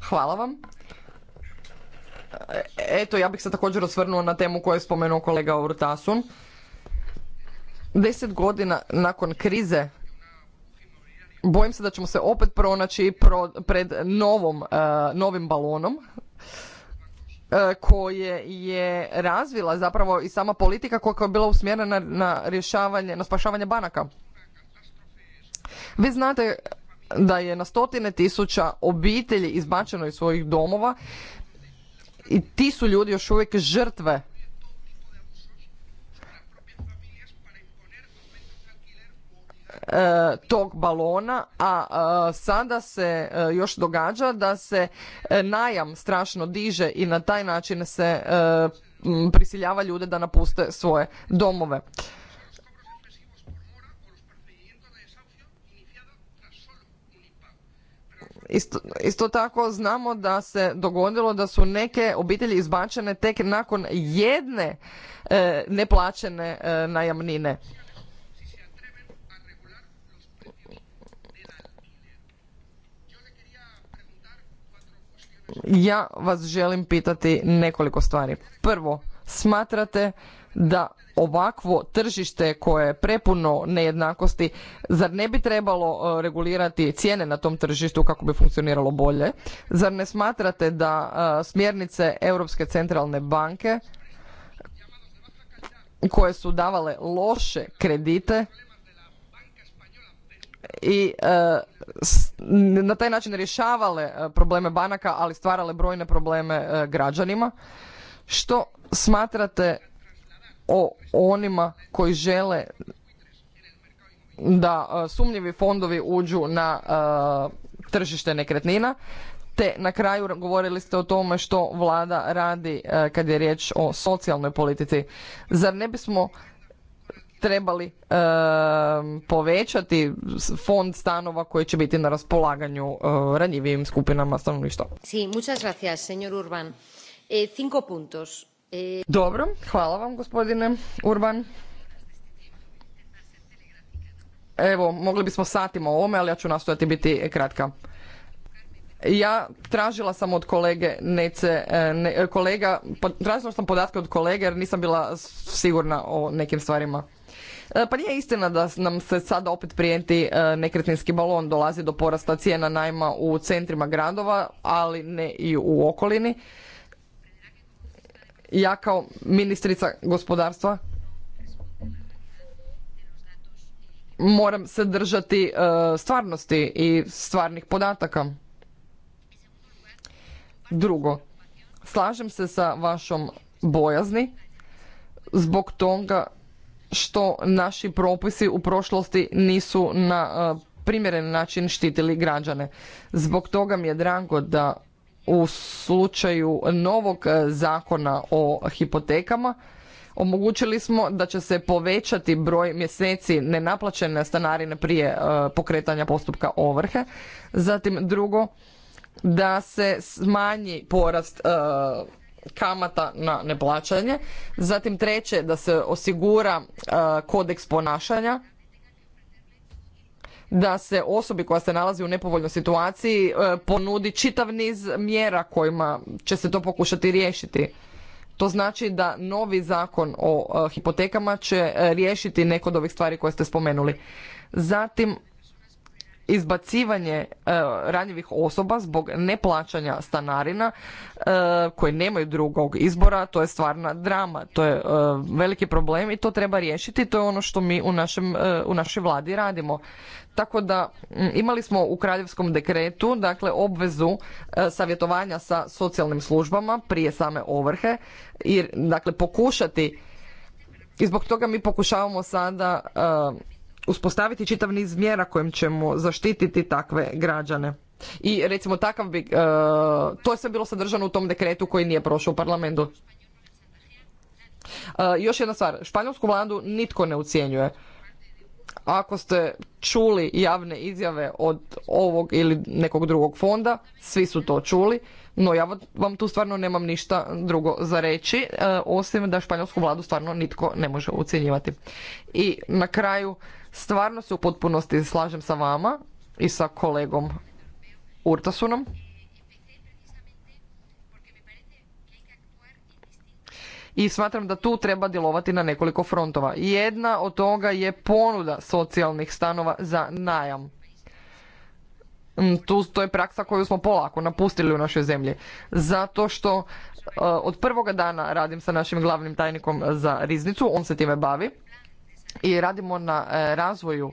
Hvala vam. Eto, ja bih se također osvrnuo na temu koju je spomenuo kolega Urtasun. Deset godina nakon krize bojim se da ćemo se opet pronaći pred novom, e, novim balonom e, koje je razvila zapravo i sama politika koja je bila usmjerena na rješavanje, na spašavanje banaka. Vi znate da je na stotine tisuća obitelji izbačeno iz svojih domova i ti su ljudi još uvijek žrtve e, tog balona, a e, sada se e, još događa da se najam strašno diže i na taj način se prisiljava ljude da napuste svoje domove. Isto, tako znamo da se dogodilo da su neke obitelji izbačene tek nakon jedne e, neplaćene e, najamnine. Ja vas želim pitati nekoliko stvari. Prvo, smatrate da ovakvo tržište koje je prepuno nejednakosti, zar ne bi trebalo e, regulirati cijene na tom tržištu kako bi funkcioniralo bolje? Zar ne smatrate da e, smjernice Europske centralne banke koje su davale loše kredite i e, na taj način rješavale probleme banaka, ali stvarale brojne probleme građanima. Što smatrate o onima koji žele da e, sumnjivi fondovi uđu na e, tržište nekretnina te na kraju govorili ste o tome što vlada radi e, kad je riječ o socijalnoj politici zar ne bismo trebali povećati fond stanova koji će biti na raspolaganju ranjivijim skupinama stanovništva sí, muchas gracias, señor Urban. Eh, cinco puntos. Dobro, hvala vam gospodine Urban. Evo, mogli bismo satima o ovome, ali ja ću nastojati biti kratka. Ja tražila sam od kolege nece, e, kolega, tražila sam podatke od kolege jer nisam bila sigurna o nekim stvarima. E, pa nije istina da nam se sada opet prijeti e, nekretninski balon, dolazi do porasta cijena najma u centrima gradova, ali ne i u okolini ja kao ministrica gospodarstva moram se držati e, stvarnosti i stvarnih podataka. Drugo, slažem se sa vašom bojazni zbog toga što naši propisi u prošlosti nisu na e, primjeren način štitili građane. Zbog toga mi je drago da u slučaju novog e, zakona o hipotekama omogućili smo da će se povećati broj mjeseci nenaplaćene stanarine prije e, pokretanja postupka ovrhe. Zatim drugo, da se smanji porast e, kamata na neplaćanje. Zatim treće, da se osigura kodeks ponašanja da se osobi koja se nalazi u nepovoljnoj situaciji e, ponudi čitav niz mjera kojima će se to pokušati riješiti. To znači da novi zakon o e, hipotekama će e, riješiti neko od ovih stvari koje ste spomenuli. Zatim izbacivanje e, ranjivih osoba zbog neplaćanja stanarina e, koji nemaju drugog izbora, to je stvarna drama, to je e, veliki problem i to treba riješiti, to je ono što mi u, našem, u našoj vladi radimo. Tako da imali smo u kraljevskom dekretu dakle obvezu savjetovanja sa socijalnim službama prije same ovrhe i dakle pokušati i zbog toga mi pokušavamo sada uspostaviti čitav niz mjera kojim ćemo zaštititi takve građane. I recimo takav bi, e, to je sve bilo sadržano u tom dekretu koji nije prošao u parlamentu. E, još jedna stvar, španjolsku vladu nitko ne ucijenjuje. Ako ste čuli javne izjave od ovog ili nekog drugog fonda, svi su to čuli, no ja vam tu stvarno nemam ništa drugo za reći, e, osim da španjolsku vladu stvarno nitko ne može ucijenjivati. I na kraju Stvarno se u potpunosti slažem sa vama i sa kolegom Urtasunom. I smatram da tu treba djelovati na nekoliko frontova. Jedna od toga je ponuda socijalnih stanova za najam. Mm, tu, to je praksa koju smo polako napustili u našoj zemlji. Zato što e, od prvoga dana radim sa našim glavnim tajnikom za riznicu, on se time bavi i radimo na e, razvoju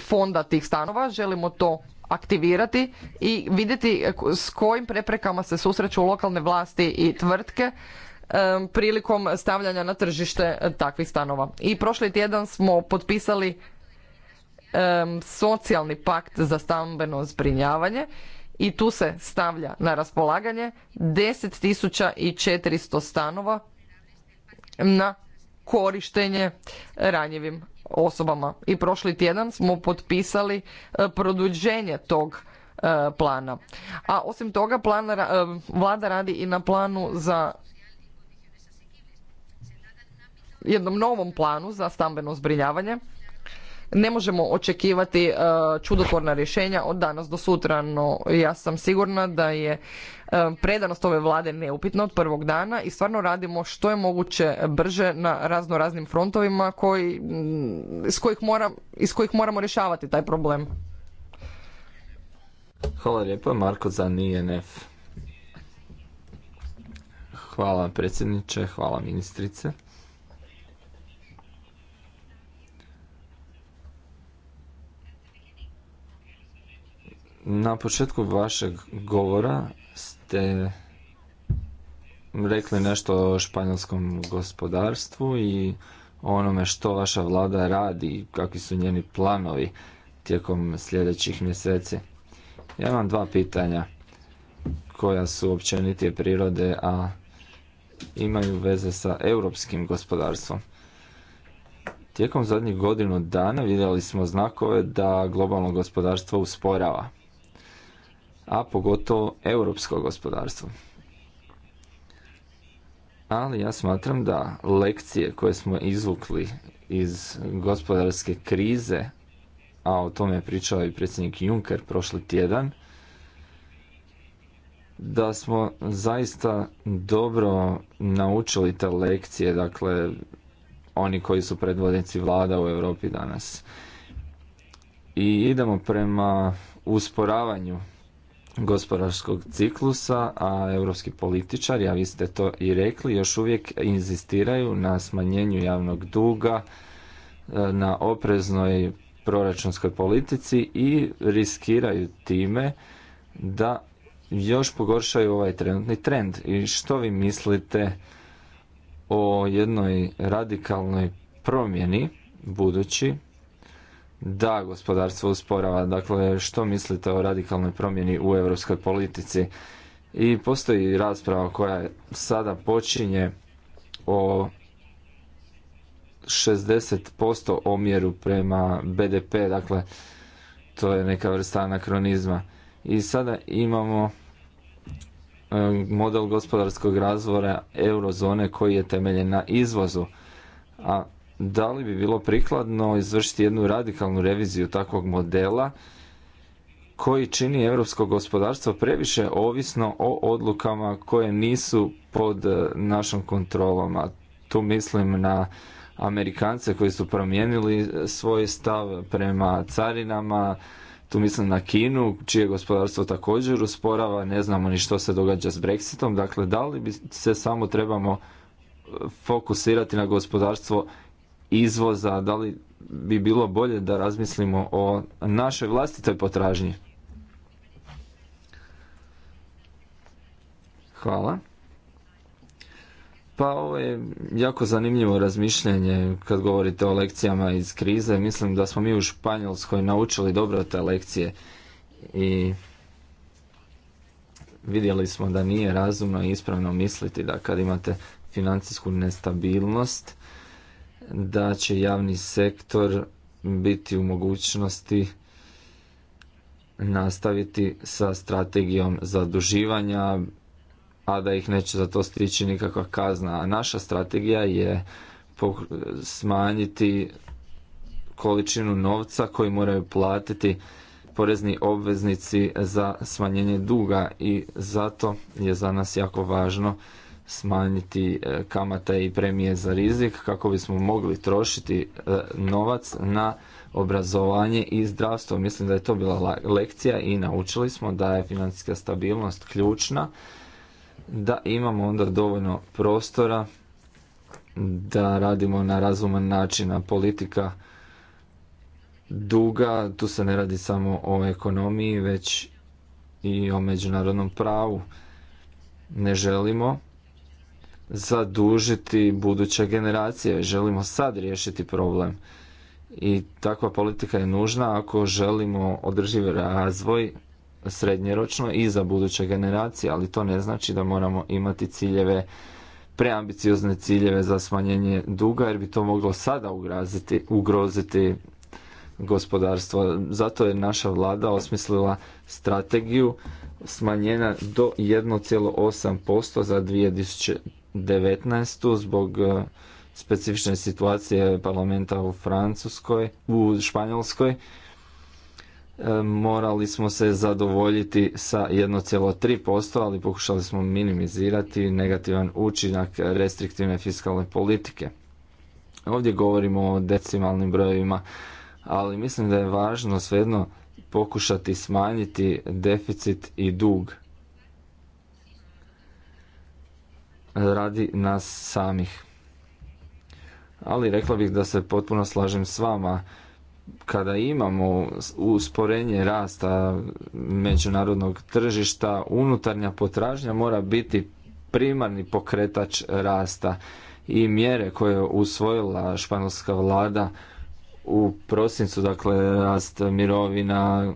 fonda tih stanova, želimo to aktivirati i vidjeti s kojim preprekama se susreću lokalne vlasti i tvrtke prilikom stavljanja na tržište takvih stanova. I prošli tjedan smo potpisali socijalni pakt za stambeno zbrinjavanje i tu se stavlja na raspolaganje 10.400 stanova na korištenje ranjivim osobama. I prošli tjedan smo potpisali e, produđenje tog e, plana. A osim toga e, vlada radi i na planu za jednom novom planu za stambeno zbrinjavanje ne možemo očekivati e, čudotvorna rješenja od danas do sutra, no ja sam sigurna da je e, predanost ove vlade neupitna od prvog dana i stvarno radimo što je moguće brže na razno raznim frontovima koji, iz, mm, kojih mora, iz kojih moramo rješavati taj problem. Hvala lijepo, Marko za NINF. Hvala predsjedniče, hvala ministrice. Na početku vašeg govora ste rekli nešto o španjolskom gospodarstvu i onome što vaša vlada radi i kakvi su njeni planovi tijekom sljedećih mjeseci. Ja imam dva pitanja koja su općenitije prirode, a imaju veze sa europskim gospodarstvom. Tijekom zadnjih godinu dana vidjeli smo znakove da globalno gospodarstvo usporava a pogotovo europsko gospodarstvo. Ali ja smatram da lekcije koje smo izvukli iz gospodarske krize, a o tome je pričao i predsjednik Juncker prošli tjedan, da smo zaista dobro naučili te lekcije, dakle oni koji su predvodnici vlada u Europi danas. I idemo prema usporavanju gospodarskog ciklusa, a europski političari, ja vi ste to i rekli, još uvijek inzistiraju na smanjenju javnog duga, e, na opreznoj proračunskoj politici i riskiraju time da još pogoršaju ovaj trenutni trend. I što vi mislite o jednoj radikalnoj promjeni budući da gospodarstvo usporava. Dakle, što mislite o radikalnoj promjeni u europskoj politici? I postoji rasprava koja sada počinje o 60% omjeru prema BDP, dakle to je neka vrsta anakronizma. I sada imamo e, model gospodarskog razvoja eurozone koji je temeljen na izvozu. A da li bi bilo prikladno izvršiti jednu radikalnu reviziju takvog modela koji čini europsko gospodarstvo previše ovisno o odlukama koje nisu pod eh, našom kontrolom, a tu mislim na Amerikance koji su promijenili eh, svoj stav prema carinama, tu mislim na Kinu, čije gospodarstvo također usporava, ne znamo ni što se događa s Brexitom, dakle da li bi se samo trebamo eh, fokusirati na gospodarstvo izvoza, da li bi bilo bolje da razmislimo o našoj vlastitoj potražnji? Hvala. Pa ovo je jako zanimljivo razmišljanje kad govorite o lekcijama iz krize. Mislim da smo mi u Španjolskoj naučili dobro te lekcije i vidjeli smo da nije razumno i ispravno misliti da kad imate financijsku nestabilnost da će javni sektor biti u mogućnosti nastaviti sa strategijom zaduživanja, a da ih neće za to stići nikakva kazna. A naša strategija je smanjiti količinu novca koji moraju platiti porezni obveznici za smanjenje duga i zato je za nas jako važno smanjiti e, kamate i premije za rizik kako bismo mogli trošiti e, novac na obrazovanje i zdravstvo. Mislim da je to bila lekcija i naučili smo da je financijska stabilnost ključna, da imamo onda dovoljno prostora da radimo na razuman način, a politika duga, tu se ne radi samo o ekonomiji, već i o međunarodnom pravu. Ne želimo zadužiti buduće generacije. Želimo sad riješiti problem. I takva politika je nužna ako želimo održiv razvoj srednjeročno i za buduće generacije, ali to ne znači da moramo imati ciljeve, preambiciozne ciljeve za smanjenje duga, jer bi to moglo sada ugraziti, ugroziti gospodarstvo. Zato je naša vlada osmislila strategiju smanjena do 1,8% za 2000, 19. zbog e, specifične situacije parlamenta u Francuskoj, u Španjolskoj, e, morali smo se zadovoljiti sa 1,3%, ali pokušali smo minimizirati negativan učinak restriktivne fiskalne politike. Ovdje govorimo o decimalnim brojevima, ali mislim da je važno svejedno pokušati smanjiti deficit i dug. radi nas samih. Ali rekla bih da se potpuno slažem s vama. Kada imamo usporenje rasta međunarodnog tržišta, unutarnja potražnja mora biti primarni pokretač rasta i mjere koje je usvojila španjolska vlada u prosincu, dakle rast mirovina,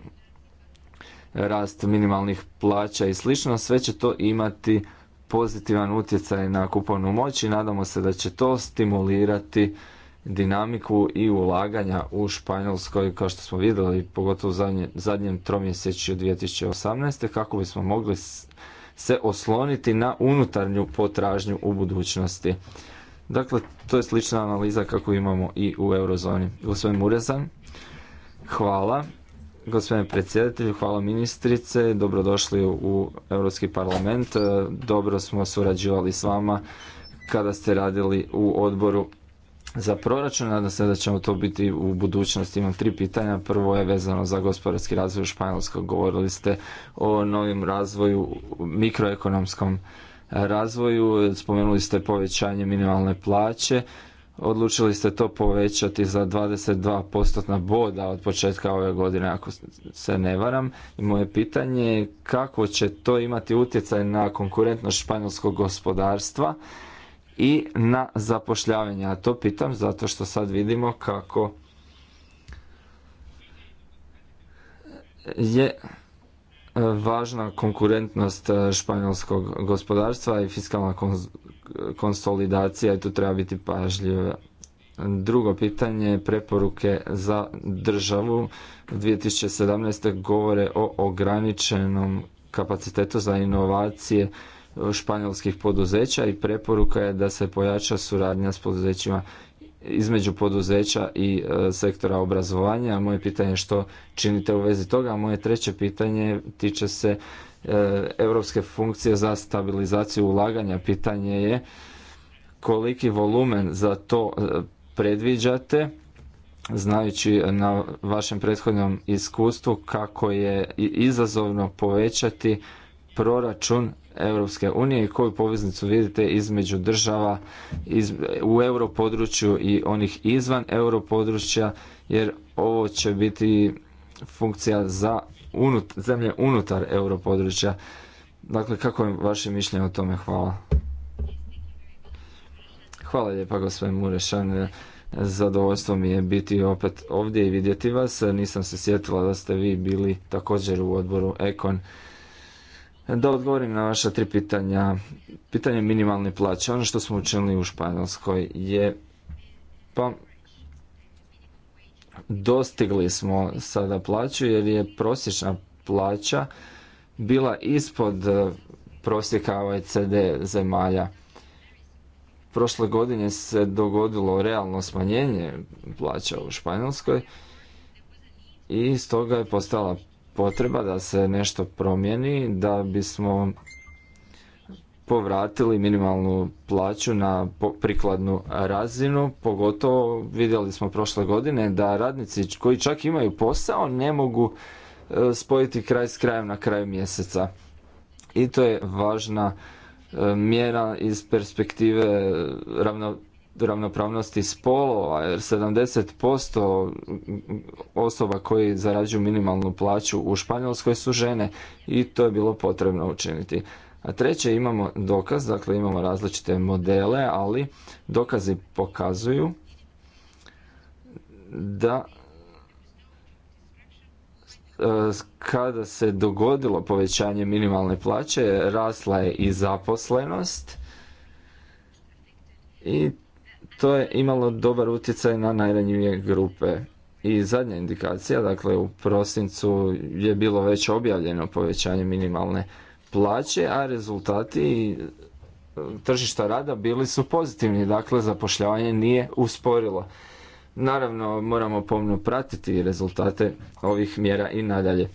rast minimalnih plaća i slično, sve će to imati pozitivan utjecaj na kupovnu moć i nadamo se da će to stimulirati dinamiku i ulaganja u Španjolskoj, kao što smo vidjeli, pogotovo u zadnje, zadnjem tromjesečju 2018. kako bismo mogli se osloniti na unutarnju potražnju u budućnosti. Dakle, to je slična analiza kako imamo i u eurozoni. Gospodin urezan. hvala. Gospodine predsjedatelju, hvala ministrice, dobrodošli u Europski parlament. E, dobro smo surađivali s vama kada ste radili u odboru za proračun. Nadam se da ćemo to biti u budućnosti. Imam tri pitanja. Prvo je vezano za gospodarski razvoj u Španjolskoj. Govorili ste o novim razvoju, mikroekonomskom razvoju. Spomenuli ste povećanje minimalne plaće odlučili ste to povećati za 22 postotna boda od početka ove godine, ako se ne varam. I moje pitanje je kako će to imati utjecaj na konkurentnost španjolskog gospodarstva i na zapošljavanje. A to pitam zato što sad vidimo kako je važna konkurentnost španjolskog gospodarstva i fiskalna konsolidacija i tu treba biti pažljiva. Drugo pitanje, preporuke za državu 2017. govore o ograničenom kapacitetu za inovacije španjolskih poduzeća i preporuka je da se pojača suradnja s poduzećima između poduzeća i e, sektora obrazovanja. Moje pitanje je što činite u vezi toga, a moje treće pitanje tiče se Europske funkcije za stabilizaciju ulaganja. Pitanje je koliki volumen za to e, predviđate, znajući na vašem prethodnom iskustvu kako je izazovno povećati proračun Europske unije i koju poveznicu vidite između država iz, u europodručju i onih izvan europodručja jer ovo će biti funkcija za unut, zemlje unutar europodručja. Dakle, kako je vaše mišljenje o tome? Hvala. Hvala lijepa gospodin Murešan. Zadovoljstvo mi je biti opet ovdje i vidjeti vas. Nisam se sjetila da ste vi bili također u odboru Ekon da odgovorim na vaša tri pitanja. Pitanje minimalne plaće. Ono što smo učinili u Španjolskoj je pa dostigli smo sada plaću jer je prosječna plaća bila ispod e, prosjeka OECD zemalja. Prošle godine se dogodilo realno smanjenje plaća u Španjolskoj i stoga je postala potreba da se nešto promijeni, da bismo povratili minimalnu plaću na prikladnu razinu, pogotovo vidjeli smo prošle godine da radnici koji čak imaju posao ne mogu e, spojiti kraj s krajem na kraju mjeseca. I to je važna e, mjera iz perspektive e, ravno ravnopravnosti spolova, jer 70% osoba koji zarađuju minimalnu plaću u Španjolskoj su žene i to je bilo potrebno učiniti. A treće imamo dokaz, dakle imamo različite modele, ali dokazi pokazuju da e, kada se dogodilo povećanje minimalne plaće, rasla je i zaposlenost i to je imalo dobar utjecaj na najranjivije grupe. I zadnja indikacija, dakle u prosincu je bilo već objavljeno povećanje minimalne plaće, a rezultati e, tržišta rada bili su pozitivni, dakle zapošljavanje nije usporilo. Naravno, moramo pomno pratiti rezultate ovih mjera i nadalje.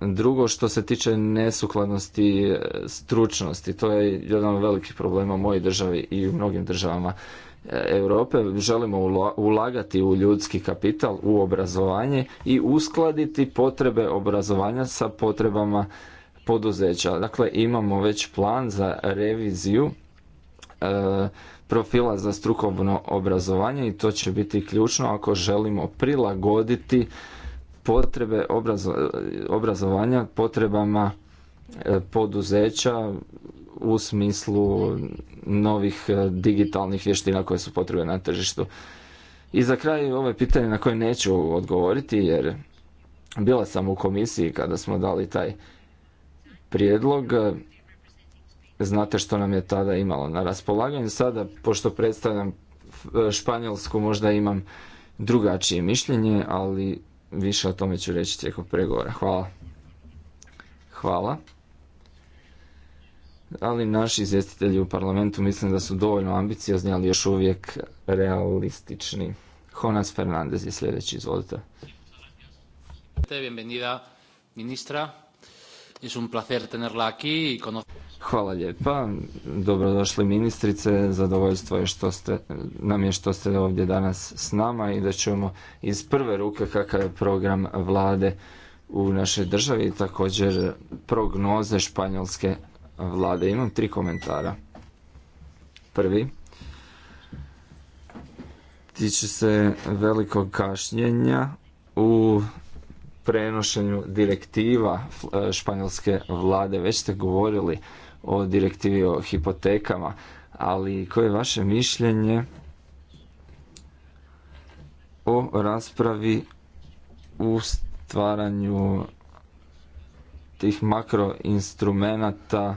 Drugo, što se tiče nesukladnosti e, stručnosti, to je jedan od velikih problema u mojoj državi i u mnogim državama Europe želimo ulagati u ljudski kapital, u obrazovanje i uskladiti potrebe obrazovanja sa potrebama poduzeća. Dakle, imamo već plan za reviziju e, profila za strukovno obrazovanje i to će biti ključno ako želimo prilagoditi potrebe obrazovanja potrebama e, poduzeća u smislu novih e, digitalnih vještina koje su potrebne na tržištu. I za kraj ovo je pitanje na koje neću odgovoriti jer bila sam u komisiji kada smo dali taj prijedlog. Znate što nam je tada imalo na raspolaganju. Sada, pošto predstavljam e, Španjolsku, možda imam drugačije mišljenje, ali više o tome ću reći tijekom pregovora. Hvala. Hvala ali naši izvjestitelji u parlamentu mislim da su dovoljno ambiciozni, ali još uvijek realistični. Jonas Fernandez je sljedeći, izvolite. ministra. Es Hvala lijepa. Dobrodošli ministrice. Zadovoljstvo je nam je što ste ovdje danas s nama i da ćemo iz prve ruke kakav je program vlade u našoj državi također prognoze španjolske vlade. Imam tri komentara. Prvi tiče se velikog kašnjenja u prenošenju direktiva e, španjolske vlade. Već ste govorili o direktivi o hipotekama, ali koje je vaše mišljenje o raspravi u stvaranju tih makroinstrumenata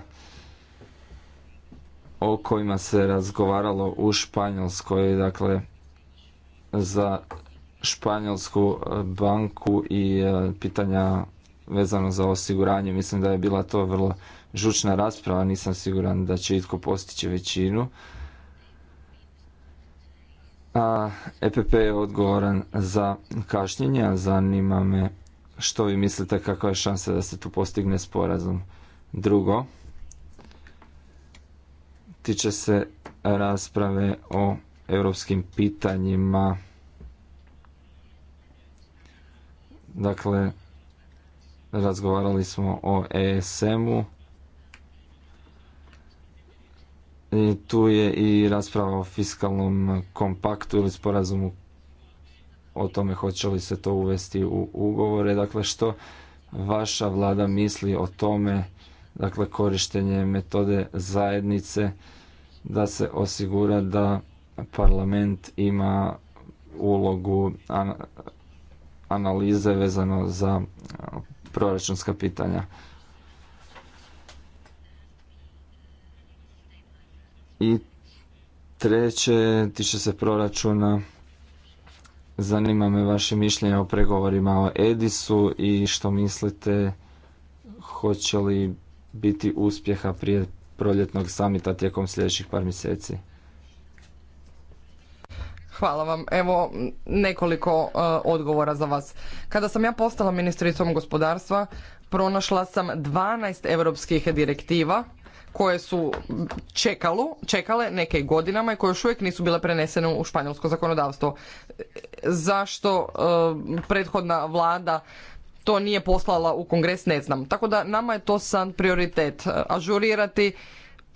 o kojima se razgovaralo u Španjolskoj, dakle za Španjolsku e, banku i e, pitanja vezano za osiguranje. Mislim da je bila to vrlo žučna rasprava, nisam siguran da će itko postići većinu. A EPP je odgovoran za kašnjenje, zanima me što vi mislite kakva je šansa da se tu postigne sporazum. Drugo, tiče se rasprave o europskim pitanjima. Dakle, razgovarali smo o ESM-u. I tu je i rasprava o fiskalnom kompaktu ili sporazumu o tome hoće li se to uvesti u ugovore. Dakle, što vaša vlada misli o tome, dakle, korištenje metode zajednice, da se osigura da parlament ima ulogu analize vezano za uh, proračunska pitanja. I treće, tiče se proračuna. Zanima me vaše mišljenje o pregovorima o Edisu i što mislite hoće li biti uspjeha prije proljetnog samita tijekom sljedećih par mjeseci? Hvala vam. Evo nekoliko e, odgovora za vas. Kada sam ja postala ministricom gospodarstva, pronašla sam 12 europskih direktiva koje su čekalo, čekale neke godinama i koje još uvijek nisu bile prenesene u španjolsko zakonodavstvo. Zašto e, prethodna vlada to nije poslala u kongres ne znam. Tako da nama je to san prioritet e, ažurirati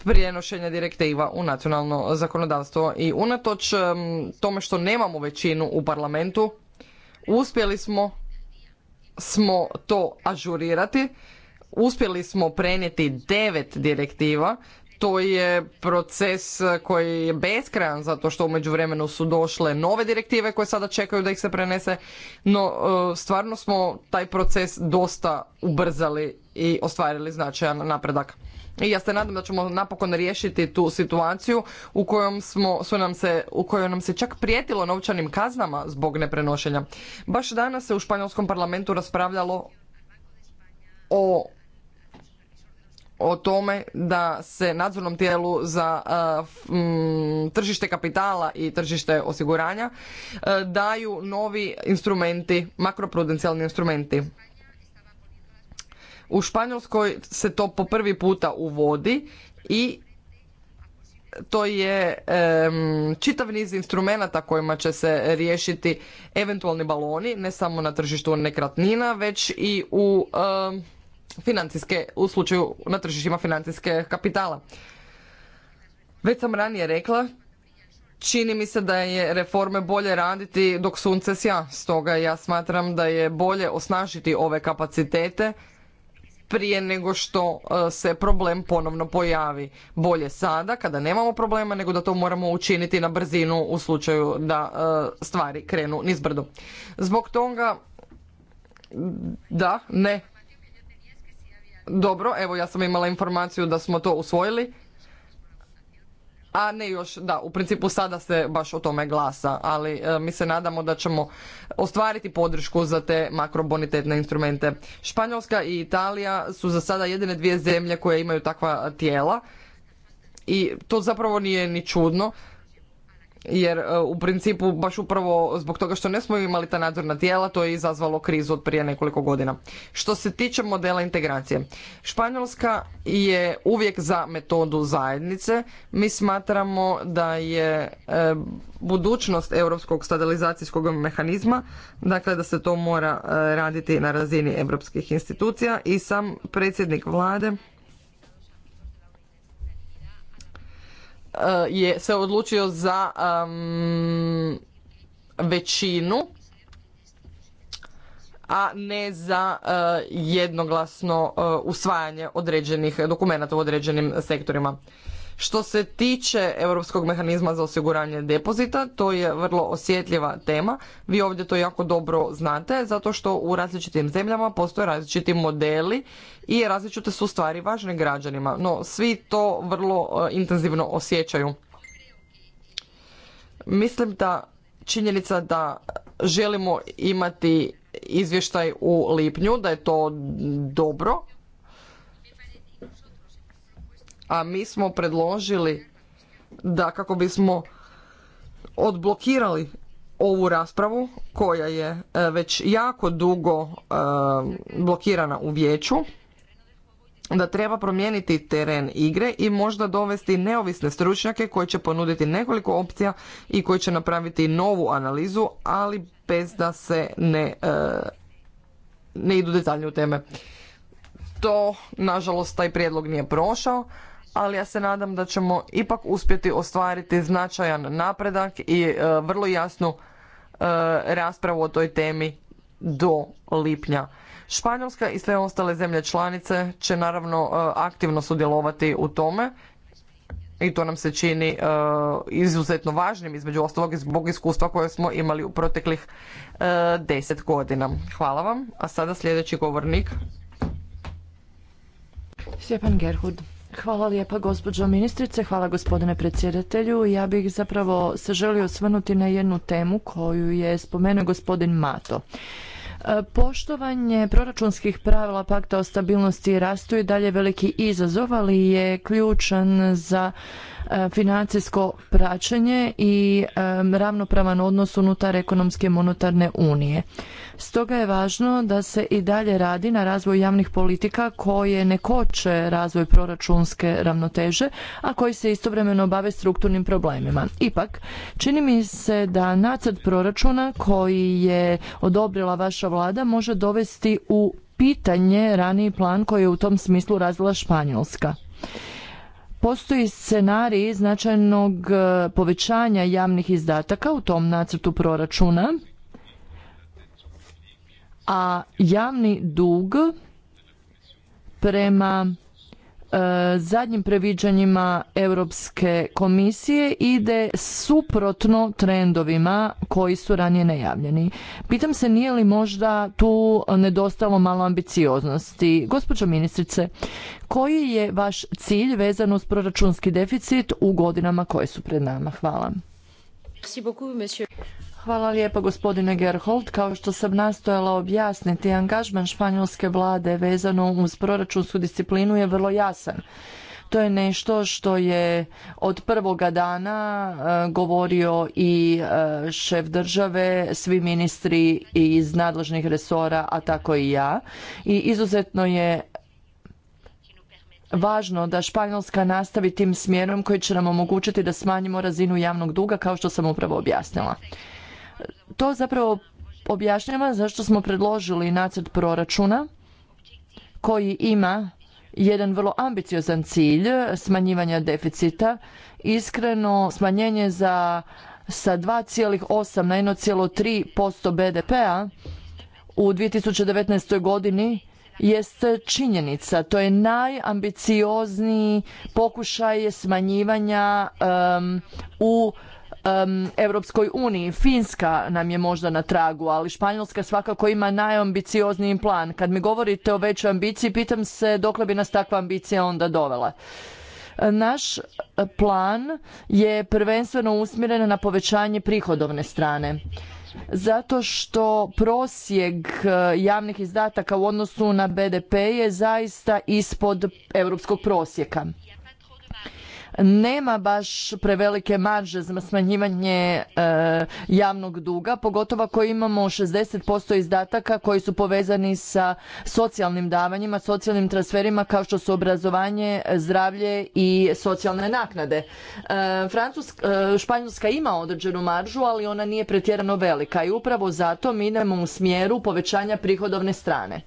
prijenošenja direktiva u nacionalno zakonodavstvo i unatoč e, tome što nemamo većinu u parlamentu uspjeli smo smo to ažurirati uspjeli smo prenijeti devet direktiva to je proces koji je beskrajan zato što u međuvremenu su došle nove direktive koje sada čekaju da ih se prenese, no e, stvarno smo taj proces dosta ubrzali i ostvarili značajan napredak. I ja se nadam da ćemo napokon riješiti tu situaciju u kojoj smo, su nam se, u kojoj nam se čak prijetilo novčanim kaznama zbog neprenošenja. Baš danas se u španjolskom parlamentu raspravljalo o o tome da se nadzornom tijelu za tržište kapitala i tržište osiguranja e, daju novi instrumenti, makroprudencijalni instrumenti. U Španjolskoj se to po prvi puta uvodi i to je čitav niz instrumenata kojima će se riješiti eventualni baloni, ne samo na tržištu nekretnina, već i u financijske, u slučaju na tržištima financijske kapitala. Već sam ranije rekla, čini mi se da je reforme bolje raditi dok sunce sja, stoga ja smatram da je bolje osnažiti ove kapacitete prije nego što e, se problem ponovno pojavi. Bolje sada kada nemamo problema nego da to moramo učiniti na brzinu u slučaju da e, stvari krenu nizbrdo. Zbog toga da, ne, dobro, evo ja sam imala informaciju da smo to usvojili. A ne još, da, u principu sada se baš o tome glasa, ali e, mi se nadamo da ćemo ostvariti podršku za te makrobonitetne instrumente. Španjolska i Italija su za sada jedine dvije zemlje koje imaju takva tijela i to zapravo nije ni čudno jer e, u principu baš upravo zbog toga što ne smo imali ta nadzorna tijela to je izazvalo krizu od prije nekoliko godina. Što se tiče modela integracije, Španjolska je uvijek za metodu zajednice. Mi smatramo da je e, budućnost europskog stabilizacijskog mehanizma, dakle da se to mora e, raditi na razini europskih institucija i sam predsjednik vlade Eh, je se odlučio za većinu a ne za eh, jednoglasno eh, usvajanje određenih dokumenata u određenim sektorima što se tiče Europskog mehanizma za osiguranje depozita, to je vrlo osjetljiva tema. Vi ovdje to jako dobro znate, zato što u različitim zemljama postoje različiti modeli i različite su stvari važne građanima, no svi to vrlo e, intenzivno osjećaju. Mislim da činjenica da želimo imati izvještaj u lipnju, da je to dobro, a mi smo predložili da kako bismo odblokirali ovu raspravu koja je e, već jako dugo e, blokirana u vijeću da treba promijeniti teren igre i možda dovesti neovisne stručnjake koji će ponuditi nekoliko opcija i koji će napraviti novu analizu, ali bez da se ne, e, ne idu detaljnije u teme. To, nažalost, taj prijedlog nije prošao, ali ja se nadam da ćemo ipak uspjeti ostvariti značajan napredak i e, vrlo jasnu e, raspravu o toj temi do lipnja. Španjolska i sve ostale zemlje članice će naravno e, aktivno sudjelovati u tome i to nam se čini izuzetno važnim između ostalog zbog iskustva koje smo imali u proteklih deset godina. Hvala vam. A sada sljedeći govornik. Stjepan Gerhud. Hvala lijepa gospođo ministrice, hvala gospodine predsjedatelju. Ja bih zapravo se želio osvrnuti na jednu temu koju je spomenuo gospodin Mato. E, poštovanje proračunskih pravila pakta o stabilnosti i rastu i dalje veliki izazov, ali je ključan za E, financijsko praćenje i e, ravnopravan odnos unutar ekonomske i monetarne unije. Stoga je važno da se i dalje radi na razvoju javnih politika koje ne koče razvoj proračunske ravnoteže, a koji se istovremeno bave strukturnim problemima. Ipak, čini mi se da nacrt proračuna koji je odobrila vaša vlada može dovesti u pitanje raniji plan koji je u tom smislu razvila Španjolska postoji scenarij značajnog e, povećanja javnih izdataka u tom nacrtu proračuna, a javni dug prema E, zadnjim previđanjima Europske komisije ide suprotno trendovima koji su ranije najavljeni. Pitam se nije li možda tu nedostalo malo ambicioznosti. Gospođo ministrice, koji je vaš cilj vezan uz proračunski deficit u godinama koje su pred nama? Hvala. Hvala lijepo gospodine Gerhold. Kao što sam nastojala objasniti, angažman španjolske vlade vezano uz proračunsku disciplinu je vrlo jasan. To je nešto što je od prvoga dana e, govorio i e, šef države, svi ministri iz nadležnih resora, a tako i ja. I izuzetno je važno da Španjolska nastavi tim smjerom koji će nam omogućiti da smanjimo razinu javnog duga kao što sam upravo objasnila. To zapravo objašnjava zašto smo predložili nacrt proračuna koji ima jedan vrlo ambiciozan cilj smanjivanja deficita, iskreno smanjenje za sa 2,8 na 1,3% BDP-a u 2019. godini jest činjenica. To je najambiciozniji pokušaj smanjivanja um, u Europskoj uniji. Finska nam je možda na tragu, ali Španjolska svakako ima najambiciozniji plan. Kad mi govorite o većoj ambiciji, pitam se dokle bi nas takva ambicija onda dovela. Naš plan je prvenstveno usmjeren na povećanje prihodovne strane zato što prosjek e, javnih izdataka u odnosu na BDP je zaista ispod europskog prosjeka nema baš prevelike marže za smanjivanje e, javnog duga, pogotovo ako imamo 60% izdataka koji su povezani sa socijalnim davanjima, socijalnim transferima kao što su obrazovanje, zdravlje i socijalne naknade. E, e, Španjolska ima određenu maržu, ali ona nije pretjerano velika i upravo zato mi idemo u smjeru povećanja prihodovne strane.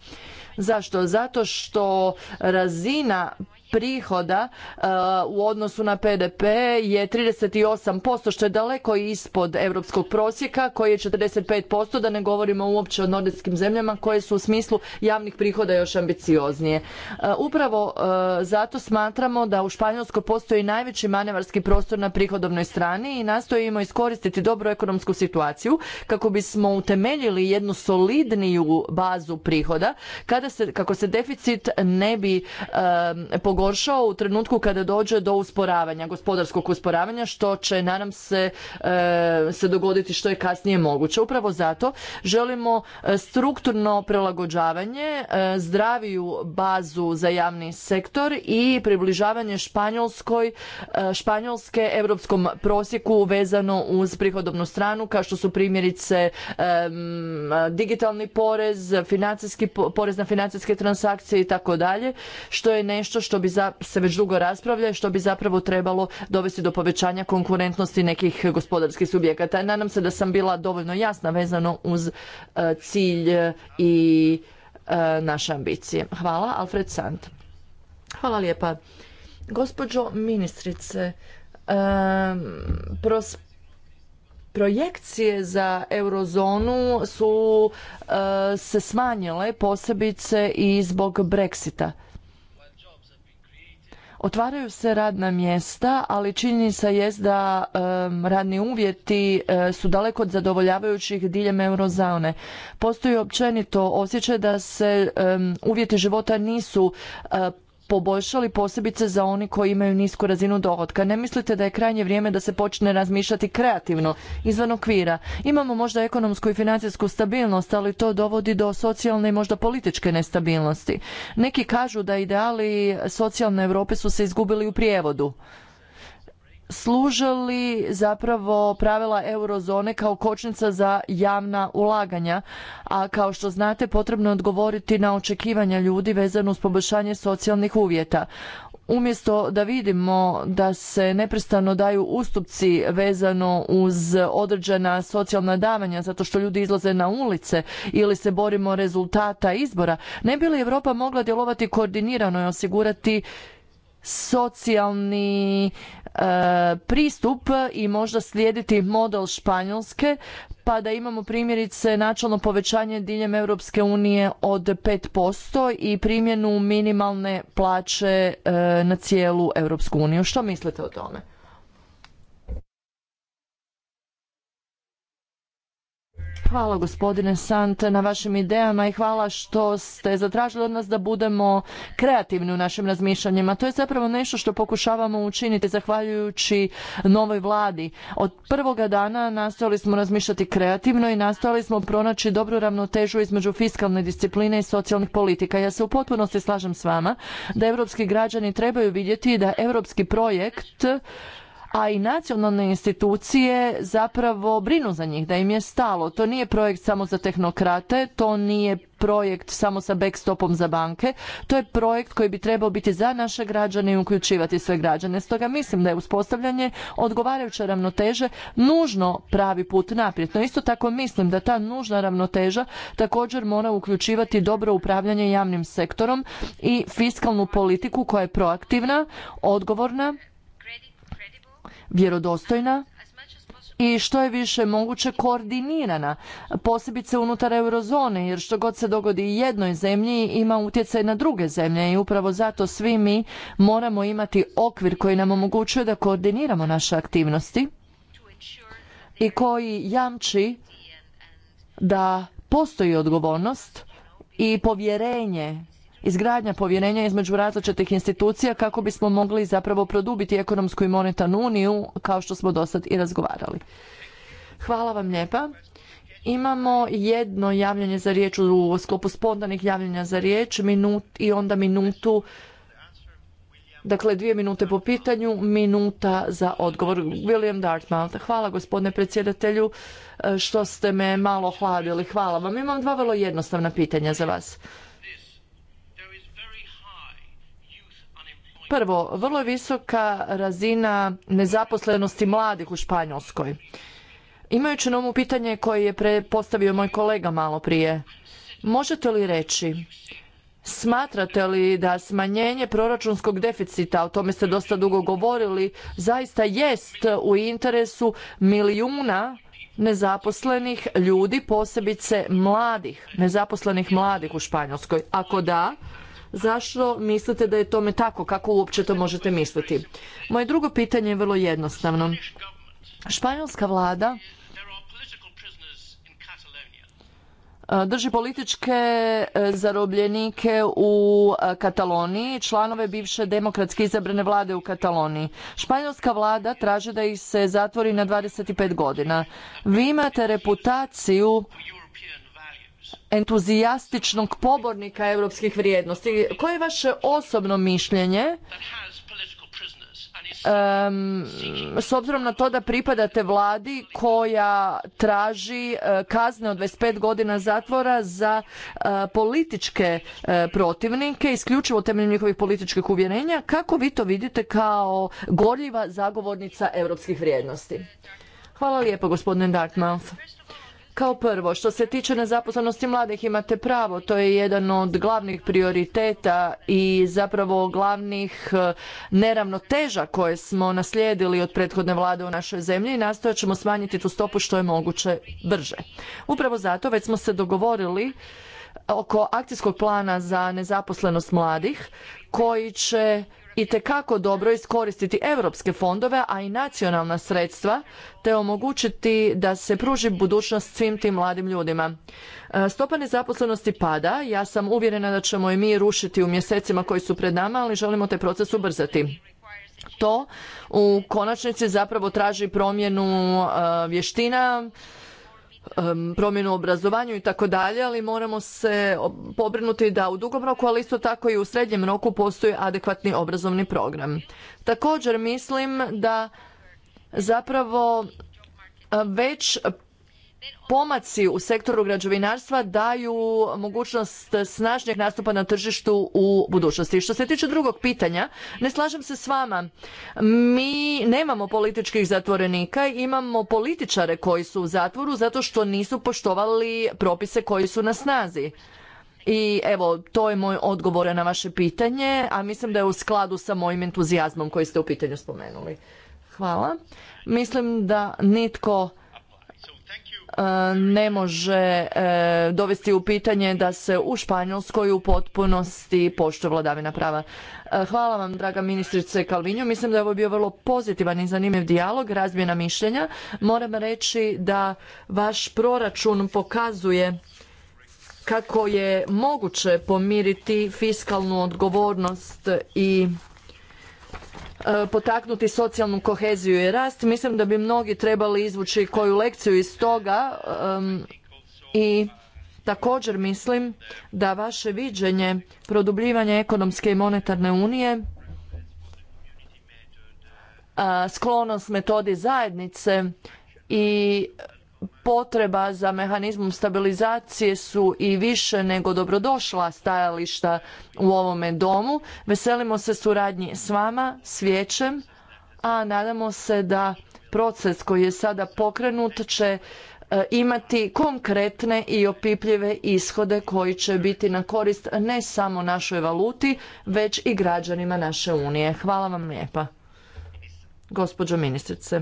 Zašto? Zato što razina prihoda e, u odnosu na PDP je 38%, što je daleko ispod europskog prosjeka koji je 45%, da ne govorimo uopće o nordijskim zemljama koje su u smislu javnih prihoda još ambicioznije. E, upravo e, zato smatramo da u Španjolskoj postoji najveći manevarski prostor na prihodovnoj strani i nastojimo iskoristiti dobru ekonomsku situaciju kako bismo utemeljili jednu solidniju bazu prihoda kada se, kako se deficit ne bi pogoršao u trenutku kada dođe do usporavanja, gospodarskog usporavanja, što će, nadam se, e, se dogoditi što je kasnije moguće. Upravo zato želimo e, strukturno prilagođavanje, e, zdraviju bazu za javni sektor i približavanje Španjolskoj, Španjolske europskom prosjeku vezano uz prihodovnu stranu, kao što su primjerice digitalni porez, porez na financijske transakcije i tako dalje, što je nešto što bi se već dugo raspravlja i što bi zapravo trebalo dovesti do povećanja konkurentnosti nekih gospodarskih subjekata. Nadam se da sam bila dovoljno jasna vezano uz e, cilj i e, naše ambicije. Hvala, Alfred Sand. Hvala lijepa. Gospođo ministrice, e, projekcije za eurozonu su se smanjile posebice i zbog Brexita. Otvaraju se radna mjesta, ali činjenica jest da radni uvjeti e, su daleko od zadovoljavajućih diljem eurozone. Postoji općenito osjećaj da se uvjeti života nisu e, poboljšali posebice za oni koji imaju nisku razinu dohotka. Ne mislite da je krajnje vrijeme da se počne razmišljati kreativno, izvan okvira. Imamo možda ekonomsku i financijsku stabilnost, ali to dovodi do socijalne i možda političke nestabilnosti. Neki kažu da ideali socijalne Europe su se izgubili u prijevodu služili zapravo pravila eurozone kao kočnica za javna ulaganja, a kao što znate potrebno je odgovoriti na očekivanja ljudi vezano uz poboljšanje socijalnih uvjeta. Umjesto da vidimo da se neprestano daju ustupci vezano uz određena socijalna davanja zato što ljudi izlaze na ulice ili se borimo rezultata izbora, ne bi li Europa mogla djelovati koordinirano i osigurati socijalni e, pristup i možda slijediti model Španjolske pa da imamo primjerice načalno povećanje diljem Europske unije od 5% i primjenu minimalne plaće e, na cijelu Europsku uniju. Što mislite o tome? Hvala gospodine Sant na vašim idejama i hvala što ste zatražili od nas da budemo kreativni u našim razmišljanjima. To je zapravo nešto što pokušavamo učiniti zahvaljujući novoj vladi. Od prvoga dana nastojali smo razmišljati kreativno i nastojali smo pronaći dobru ravnotežu između fiskalne discipline i socijalnih politika. Ja se u potpunosti slažem s vama da europski građani trebaju vidjeti da europski projekt a i nacionalne institucije zapravo brinu za njih, da im je stalo. To nije projekt samo za tehnokrate, to nije projekt samo sa backstopom za banke, to je projekt koji bi trebao biti za naše građane i uključivati sve građane. Stoga mislim da je uspostavljanje odgovarajuće ravnoteže nužno pravi put naprijed. No isto tako mislim da ta nužna ravnoteža također mora uključivati dobro upravljanje javnim sektorom i fiskalnu politiku koja je proaktivna, odgovorna, vjerodostojna i što je više moguće koordinirana, posebice unutar eurozone, jer što god se dogodi jednoj zemlji ima utjecaj na druge zemlje i upravo zato svi mi moramo imati okvir koji nam omogućuje da koordiniramo naše aktivnosti i koji jamči da postoji odgovornost i povjerenje izgradnja povjerenja između različitih institucija kako bismo mogli zapravo produbiti ekonomsku i monetarnu uniju kao što smo do i razgovarali. Hvala vam lijepa. Imamo jedno javljanje za riječ u sklopu spondanih javljanja za riječ minut, i onda minutu Dakle, dvije minute po pitanju, minuta za odgovor. William Dartmouth, hvala gospodine predsjedatelju e, što ste me malo hladili. Hvala vam. Imam dva vrlo jednostavna pitanja za vas. Prvo, vrlo je visoka razina nezaposlenosti mladih u Španjolskoj. Imajući na umu pitanje koje je postavio moj kolega malo prije, možete li reći Smatrate li da smanjenje proračunskog deficita, o tome ste dosta dugo govorili, zaista jest u interesu milijuna nezaposlenih ljudi, posebice mladih, nezaposlenih mladih u Španjolskoj? Ako da, Zašto mislite da je tome tako? Kako uopće to možete misliti? Moje drugo pitanje je vrlo jednostavno. Španjolska vlada e, drži političke e, zarobljenike u e, Kataloniji, članove bivše demokratski izabrane vlade u Kataloniji. Španjolska vlada traži da ih se zatvori na 25 godina. Vi imate reputaciju entuzijastičnog pobornika europskih vrijednosti. Koje je vaše osobno mišljenje s obzirom na to da pripadate vladi koja traži e, kazne od 25 godina zatvora za e, političke e, protivnike, isključivo temeljem njihovih političkih uvjerenja, kako vi to vidite kao gorljiva zagovornica europskih vrijednosti? Hvala lijepo gospodine Dartmouth. Kao prvo, što se tiče nezaposlenosti mladih, imate pravo, to je jedan od glavnih prioriteta i zapravo glavnih e, neravnoteža koje smo naslijedili od prethodne vlade u našoj zemlji i nastojat ćemo smanjiti tu stopu što je moguće brže. Upravo zato već smo se dogovorili oko akcijskog plana za nezaposlenost mladih koji će i kako dobro iskoristiti europske fondove, a i nacionalna sredstva, te omogućiti da se pruži budućnost svim tim mladim ljudima. E, stopa nezaposlenosti pada, ja sam uvjerena da ćemo i mi rušiti u mjesecima koji su pred nama, ali želimo taj proces ubrzati. To u konačnici zapravo traži promjenu e, vještina, promjenu u obrazovanju i tako dalje, ali moramo se pobrinuti da u dugom roku, ali isto tako i u srednjem roku postoji adekvatni obrazovni program. Također mislim da zapravo već pomaci u sektoru građevinarstva daju mogućnost snažnijeg nastupa na tržištu u budućnosti. Što se tiče drugog pitanja, ne slažem se s vama. Mi nemamo političkih zatvorenika, imamo političare koji su u zatvoru zato što nisu poštovali propise koji su na snazi. I evo, to je moj odgovor na vaše pitanje, a mislim da je u skladu sa mojim entuzijazmom koji ste u pitanju spomenuli. Hvala. Mislim da nitko E, ne može e, dovesti u pitanje da se u Španjolskoj u potpunosti poštuje vladavina prava. E, hvala vam, draga ministrice Kalvinju. Mislim da je ovo bio vrlo pozitivan i zanimljiv dijalog, razmjena mišljenja. Moram reći da vaš proračun pokazuje kako je moguće pomiriti fiskalnu odgovornost i E, potaknuti socijalnu koheziju i rast. Mislim da bi mnogi trebali izvući koju lekciju iz toga i također mislim da vaše viđenje produbljivanja ekonomske i monetarne unije e, sklonost metodi zajednice i potreba za mehanizmom stabilizacije su i više nego dobrodošla stajališta u ovome domu. Veselimo se suradnji s vama, s vijećem, a nadamo se da proces koji je sada pokrenut će e, imati konkretne i opipljive ishode koji će biti na korist ne samo našoj valuti, već i građanima naše Unije. Hvala vam lijepa. Gospođo ministrice.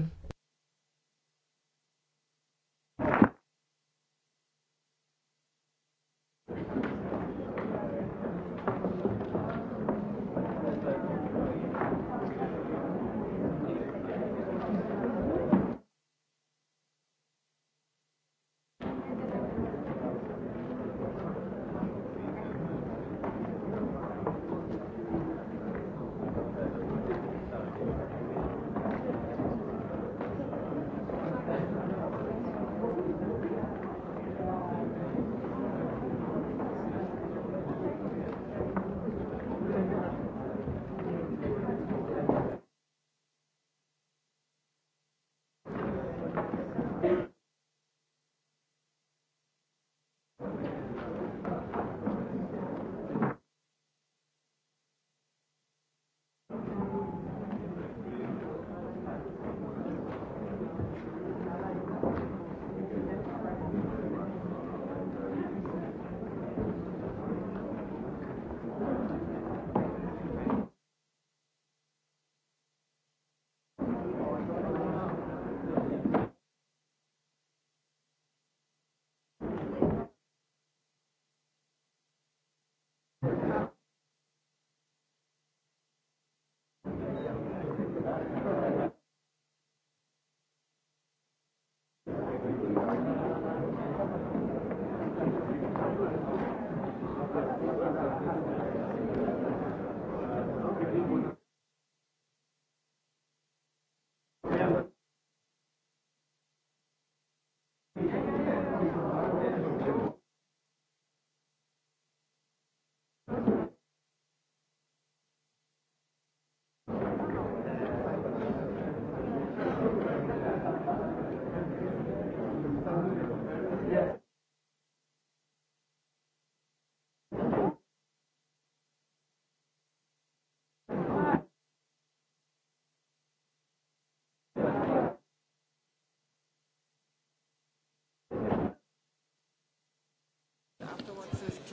Hvala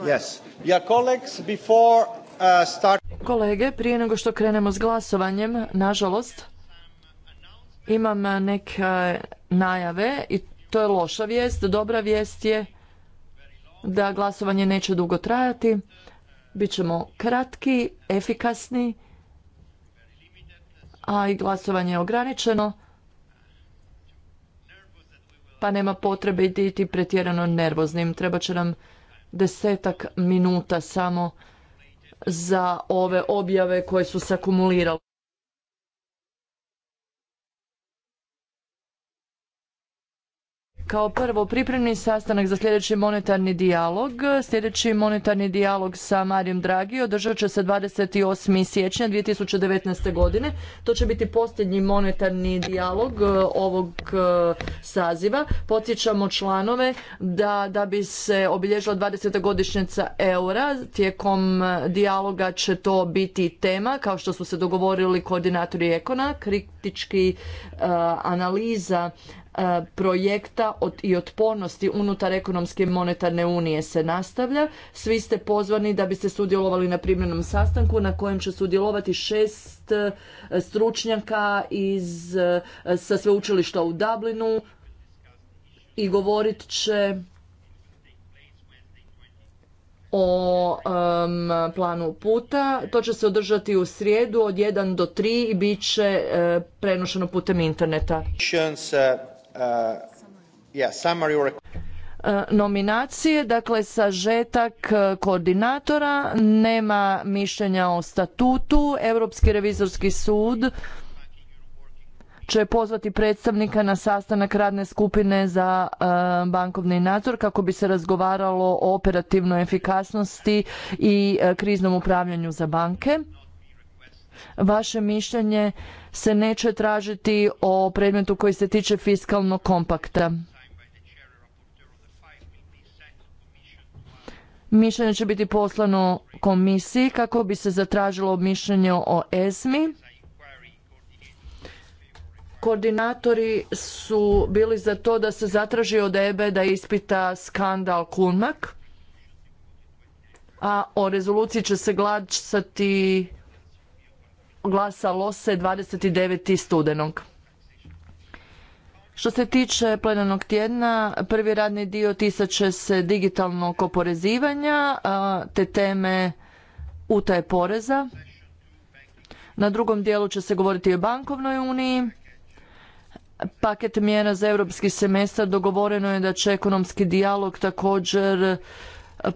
Yes. Uh, Kolege, prije nego što krenemo s glasovanjem, nažalost, imam neke najave i to je loša vijest. Dobra vijest je da glasovanje neće dugo trajati. Bićemo kratki, efikasni, a i glasovanje je ograničeno pa nema potrebe biti pretjerano nervoznim. Treba će nam desetak minuta samo za ove objave koje su se akumulirale. Kao prvo, pripremni sastanak za sljedeći monetarni dijalog. Sljedeći monetarni dijalog sa Marijom Dragi održat će se 28. siječnja 2019. godine. To će biti posljednji monetarni dijalog e, ovog e, saziva. Podsjećamo članove da, da bi se obilježila 20. godišnjica eura. Tijekom e, dijaloga će to biti tema, kao što su se dogovorili koordinatori Ekona, kritički analiza E, projekta i otpornosti unutar ekonomske i monetarne unije se nastavlja. Svi ste pozvani da biste sudjelovali na primjernom sastanku na kojem će sudjelovati šest e, stručnjaka iz, e, sa sveučilišta u Dublinu i govorit će o planu puta. To će se održati u srijedu od 1 do 3 i bit će prenošeno putem interneta. Uh, Uh, e, nominacije, dakle sažetak e, koordinatora, nema mišljenja o statutu, Europski revizorski sud će pozvati predstavnika na sastanak radne skupine za e, bankovni nadzor kako bi se razgovaralo o operativnoj efikasnosti i kriznom upravljanju za banke. Vaše mišljenje se neće tražiti o predmetu koji se tiče fiskalnog kompakta. Mišljenje će biti poslano komisiji kako bi se zatražilo mišljenje o ESMI. Koordinatori su bili za to da se zatraži od EBE da ispita skandal Kunmak, a o rezoluciji će se glasati glasalo se 29. studenog. Što se tiče plenarnog tjedna, prvi radni dio tisaće se digitalnog oporezivanja, te teme utaje poreza. Na drugom dijelu će se govoriti o bankovnoj uniji. Paket mjera za europski semestar dogovoreno je da će ekonomski dijalog također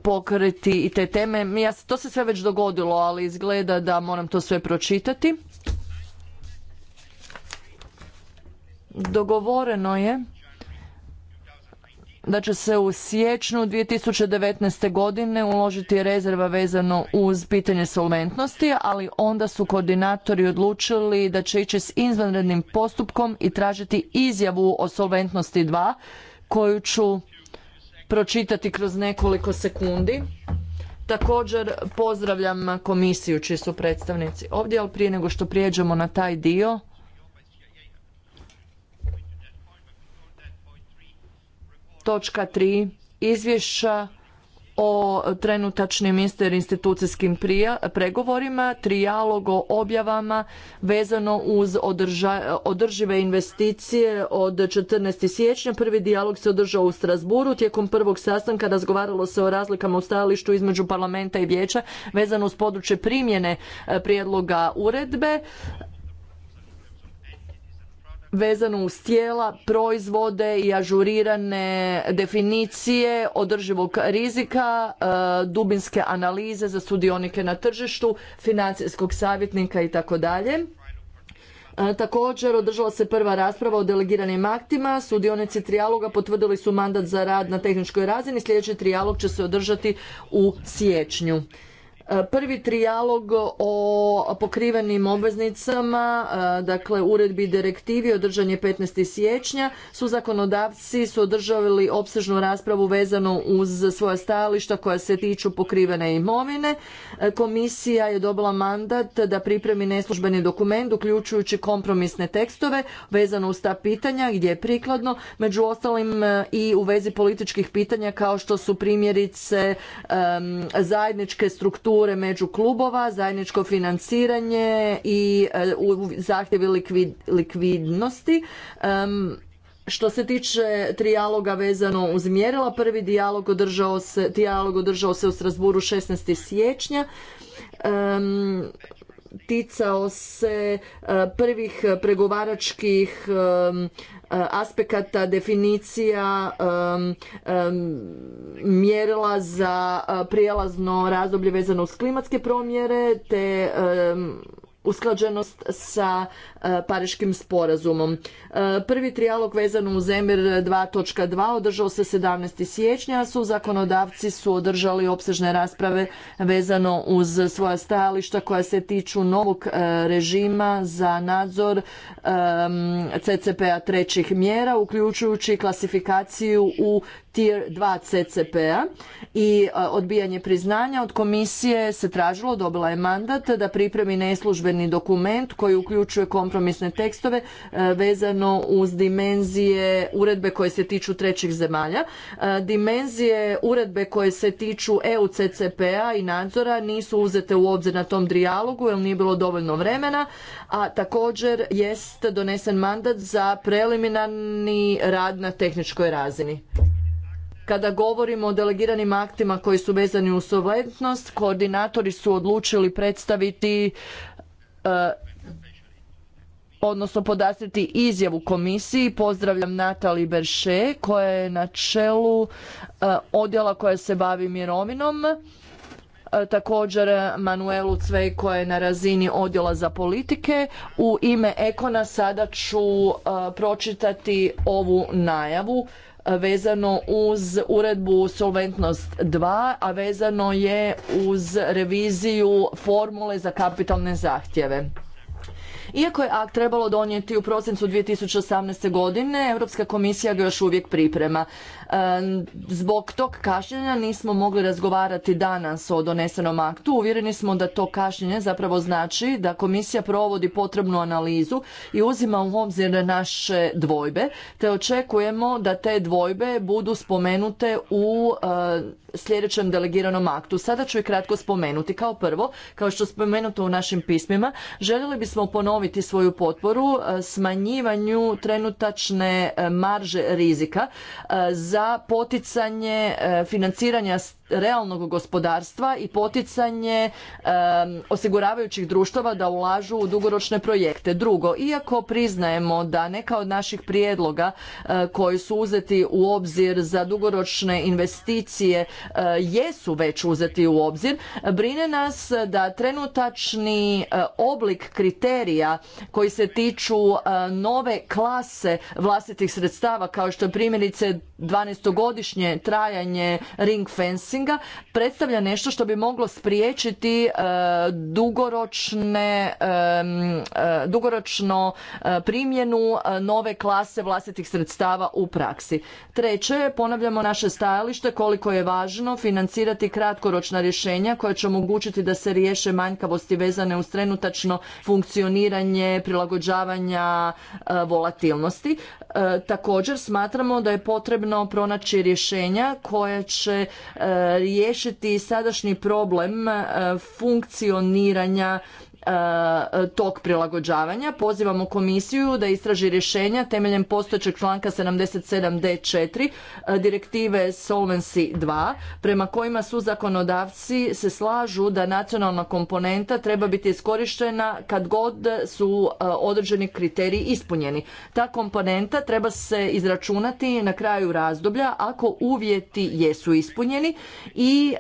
pokriti i te teme. Ja, to se sve već dogodilo, ali izgleda da moram to sve pročitati. Dogovoreno je da će se u siječnju 2019. godine uložiti rezerva vezano uz pitanje solventnosti, ali onda su koordinatori odlučili da će ići s izvanrednim postupkom i tražiti izjavu o solventnosti 2 koju ću pročitati kroz nekoliko sekundi. Također pozdravljam komisiju čiji su predstavnici ovdje, ali prije nego što prijeđemo na taj dio, točka 3 izvješća o trenutačnim interinstitucijskim pregovorima, trijalog o objavama vezano uz održive investicije od 14. siječnja. Prvi dijalog se održao u Strasburu. Tijekom prvog sastanka razgovaralo se o razlikama u stajalištu između parlamenta i vijeća vezano uz područje primjene e, prijedloga uredbe vezano uz tijela, proizvode i ažurirane definicije održivog rizika, e, dubinske analize za sudionike na tržištu, financijskog savjetnika i tako dalje. E, također održala se prva rasprava o delegiranim aktima. Sudionici trijaloga potvrdili su mandat za rad na tehničkoj razini. Sljedeći trijalog će se održati u siječnju. E, prvi trijalog o pokrivenim obveznicama, e, dakle uredbi i direktivi održan je 15. siječnja. Su zakonodavci su održavili opsežnu raspravu vezanu uz svoja stajališta koja se tiču pokrivene imovine. E, komisija je dobila mandat da pripremi neslužbeni dokument uključujući kompromisne tekstove vezano uz ta pitanja gdje je prikladno, među ostalim i u vezi političkih pitanja kao što su primjerice zajedničke strukture strukture među klubova, zajedničko financiranje i e, zahtjevi likvidnosti. što se tiče trijaloga vezano uz mjerila, prvi dijalog održao se, održao se u Strasburu 16. siječnja. ticao se e, prvih pregovaračkih Eh, aspekata definicija mjerila za eh, prijelazno razdoblje vezano uz klimatske promjere te usklađenost sa e, Pariškim sporazumom. E, prvi trijalog vezan uz EMIR 2.2 održao se 17. siječnja, a su zakonodavci su održali opsežne rasprave vezano uz svoja stajališta koja se tiču novog e, režima za nadzor CCP-a trećih mjera, uključujući klasifikaciju u tier 2 CCP-a i e, odbijanje priznanja od komisije se tražilo, dobila je mandat da pripremi neslužbeni dokument koji uključuje kompromisne tekstove e, vezano uz dimenzije uredbe koje se tiču trećih zemalja. E, dimenzije uredbe koje se tiču EU CCP-a i nadzora nisu uzete u obzir na tom dijalogu jer nije bilo dovoljno vremena, a također jest donesen mandat za preliminarni rad na tehničkoj razini. Kada govorimo o delegiranim aktima koji su vezani u solventnost, koordinatori su odlučili predstaviti e, odnosno podastriti izjavu komisiji. Pozdravljam Natali Berše koja je na čelu e, odjela koja se bavi mirovinom. E, također Manuelu Cvej koja je na razini odjela za politike. U ime Ekona sada ću pročitati ovu najavu vezano uz uredbu Solventnost 2, a vezano je uz reviziju formule za kapitalne zahtjeve. Iako je akt trebalo donijeti u prosincu 2018. godine, Europska komisija ga još uvijek priprema. E, zbog tog kašnjenja nismo mogli razgovarati danas o donesenom aktu. Uvjereni smo da to kašnjenje zapravo znači da komisija provodi potrebnu analizu i uzima u obzir naše dvojbe, te očekujemo da te dvojbe budu spomenute u e, sljedećem delegiranom aktu. Sada ću i kratko spomenuti. Kao prvo, kao što je spomenuto u našim pismima, željeli bismo ponoviti ponoviti svoju potporu e, smanjivanju trenutačne e, marže rizika e, za poticanje financiranja realnog gospodarstva i poticanje osiguravajućih društava da ulažu u dugoročne projekte. Drugo, iako priznajemo da neka od naših prijedloga koji su uzeti u obzir za dugoročne investicije jesu već uzeti u obzir, brine nas da trenutačni oblik kriterija koji se tiču e, nove klase vlastitih sredstava kao što je primjerice 12-godišnje trajanje ring fencinga predstavlja nešto što bi moglo spriječiti e, dugoročne, e, dugoročno primjenu nove klase vlastitih sredstava u praksi. Treće, ponavljamo naše stajalište koliko je važno financirati kratkoročna rješenja koja će omogućiti da se riješe manjkavosti vezane uz trenutačno funkcioniranje planiranje prilagođavanja e, volatilnosti. E, također smatramo da je potrebno pronaći rješenja koja će e, riješiti sadašnji problem funkcioniranja E, tog prilagođavanja. Pozivamo komisiju da istraži rješenja temeljem postojećeg članka 77D4 e, direktive Solvency 2 prema kojima su zakonodavci se slažu da nacionalna komponenta treba biti iskorištena kad god su e, određeni kriteriji ispunjeni. Ta komponenta treba se izračunati na kraju razdoblja ako uvjeti jesu ispunjeni i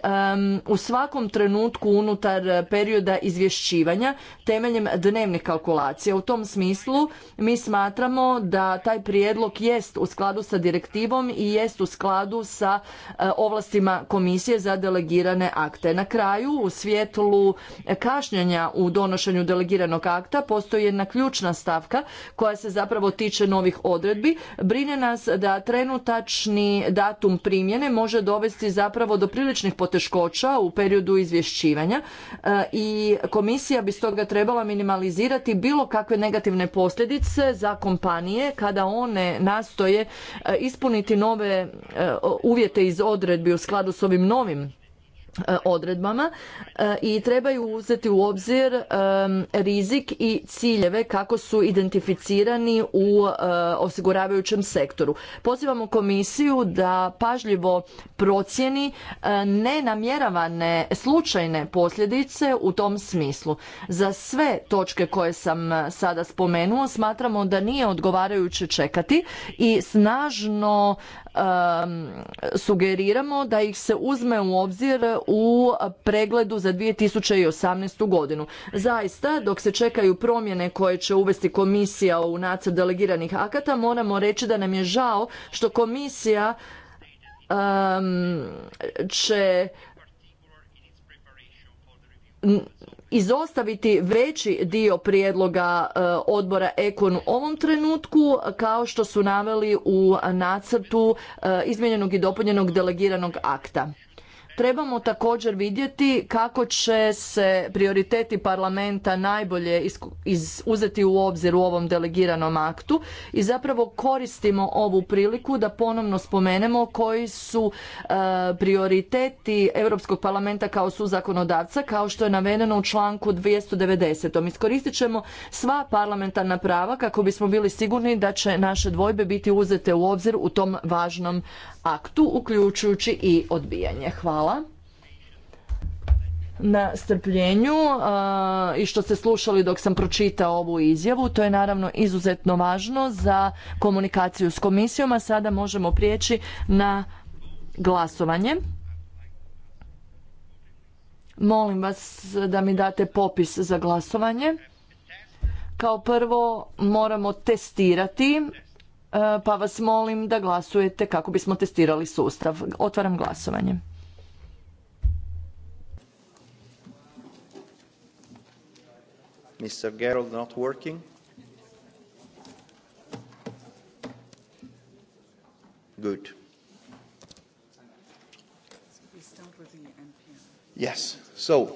u svakom trenutku unutar perioda izvješćivanja temeljem dnevnih kalkulacija. U tom smislu mi smatramo da taj prijedlog jest u skladu sa direktivom i jest u skladu sa e, ovlastima komisije za delegirane akte. Na kraju, u svijetlu kašnjenja u donošenju delegiranog akta postoji jedna ključna stavka koja se zapravo tiče novih odredbi. Brine nas da trenutačni datum primjene može dovesti zapravo do priličnih poteškoća u periodu izvješćivanja e, i komisija bi ga trebala minimalizirati bilo kakve negativne posljedice za kompanije kada one nastoje e, ispuniti nove e, uvjete iz odredbi u skladu s ovim novim E, odredbama e, i trebaju uzeti u obzir e, rizik i ciljeve kako su identificirani u osiguravajućem sektoru. Pozivamo komisiju da pažljivo procjeni nenamjeravane slučajne posljedice u tom smislu. Za sve točke koje sam sada spomenuo smatramo da nije odgovarajuće čekati i snažno sugeriramo da ih se uzme u obzir u pregledu za 2018. godinu. Zaista, dok se čekaju promjene koje će uvesti komisija u nacrt delegiranih akata, moramo reći da nam je žao što komisija će izostaviti veći dio prijedloga e, odbora Ekon u ovom trenutku kao što su naveli u nacrtu e, izmijenjenog i dopunjenog delegiranog akta. Trebamo također vidjeti kako će se prioriteti parlamenta najbolje uzeti u obzir u ovom delegiranom aktu i zapravo koristimo ovu priliku da ponovno spomenemo koji su e, prioriteti Europskog parlamenta kao su zakonodavca kao što je navedeno u članku 290. Iskoristit ćemo sva parlamentarna prava kako bismo bili sigurni da će naše dvojbe biti uzete u obzir u tom važnom aktu uključujući i odbijanje. Hvala hvala na strpljenju i što ste slušali dok sam pročitao ovu izjavu. To je naravno izuzetno važno za komunikaciju s komisijom, a sada možemo prijeći na glasovanje. Molim vas da mi date popis za glasovanje. Kao prvo moramo testirati, pa vas molim da glasujete kako bismo testirali sustav. Otvaram glasovanje. Mr. Gerald not working? Good. Yes. So.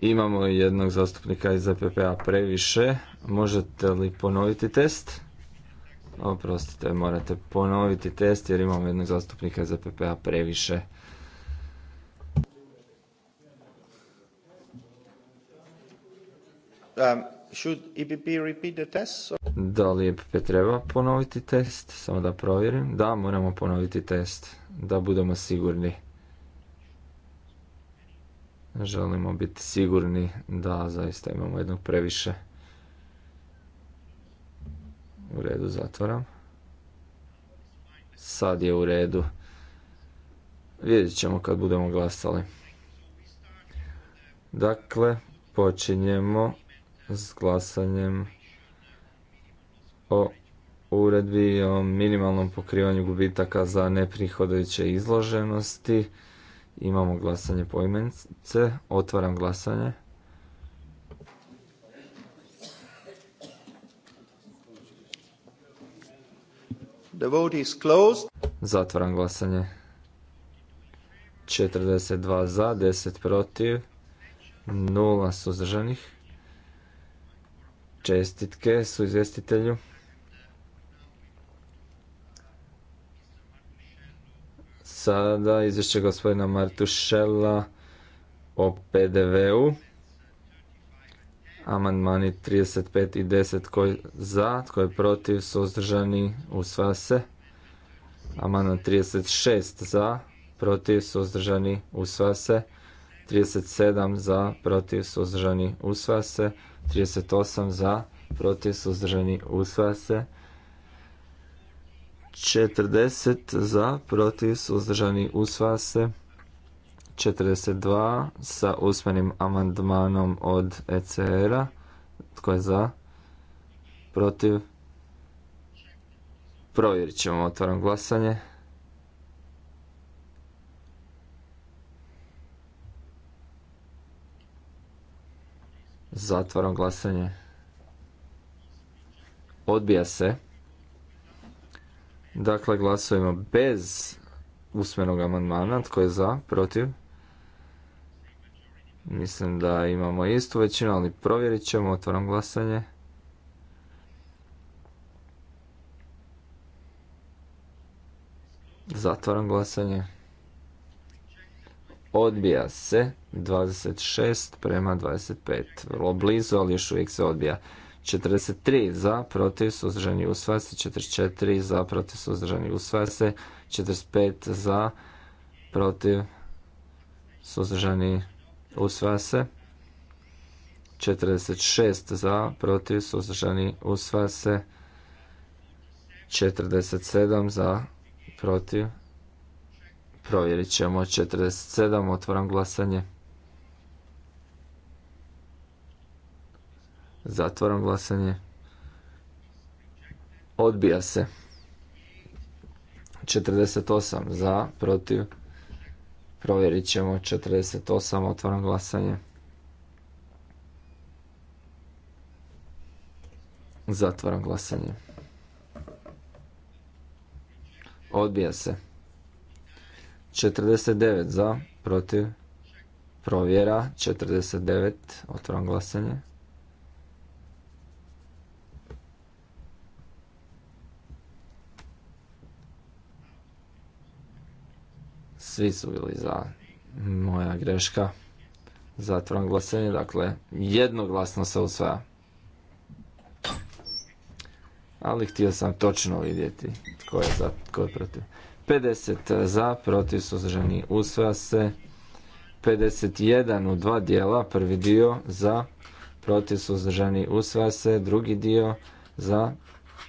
Imamo jednog zastupnika iz EPP-a previše. Možete li ponoviti test? Oprostite, morate ponoviti test jer imamo jednog zastupnika iz epp previše. Um, e test? Da li EPP treba ponoviti test? Samo da provjerim. Da, moramo ponoviti test. Da budemo sigurni. Želimo biti sigurni da zaista imamo jednog previše. U redu zatvaram. Sad je u redu. Vidjet ćemo kad budemo glasali. Dakle, počinjemo s glasanjem o uredbi o minimalnom pokrivanju gubitaka za neprihodajuće izloženosti. Imamo glasanje poimence. Otvaram glasanje. The Zatvaram glasanje. 42 za, 10 protiv, 0 suzdržanih. Čestitke su izvjestitelju. Sada izvješće gospodina Martušela o PDV-u. Amandmani 35 i 10 koji za, tko je protiv, suzdržani, u se. Amandman 36 za, protiv, suzdržani, u se. 37 za, protiv, suzdržani, u se. 38 za, protiv suzdržani usvaja se. 40 za, protiv suzdržani usvaja se. 42 sa usmenim amandmanom od ECR-a. Tko je za? Protiv? Provjerit ćemo, otvaram glasanje. Zatvaram glasanje. Odbija se. Dakle, glasujemo bez usmenog amandmana. Tko je za? Protiv? Mislim da imamo istu većinu, ali provjerit ćemo. Otvaram glasanje. Zatvaram glasanje odbija se 26 prema 25. Vrlo blizu, ali još uvijek se odbija. 43 za, protiv, suzdržani usvaja se. 44 za, protiv, suzdržani usvaja se. 45 za, protiv, suzdržani usvaja se. 46 za, protiv, suzdržani usvaja se. 47 za, protiv, Provjerit ćemo 47, otvoram glasanje. Zatvaram glasanje. Odbija se. 48 za, protiv. Provjerit ćemo 48, otvaram glasanje. Zatvaram glasanje. Odbija se. 49 za, protiv, provjera, 49, otvoram glasanje. Svi su bili za moja greška. Zatvoram glasanje, dakle jednoglasno se usvaja. Ali htio sam točno vidjeti tko je za, tko je protiv. 50 za, protiv, suzdržani, usvaja se. 51 u dva dijela, prvi dio za, protiv, suzdržani, usvaja se. Drugi dio za,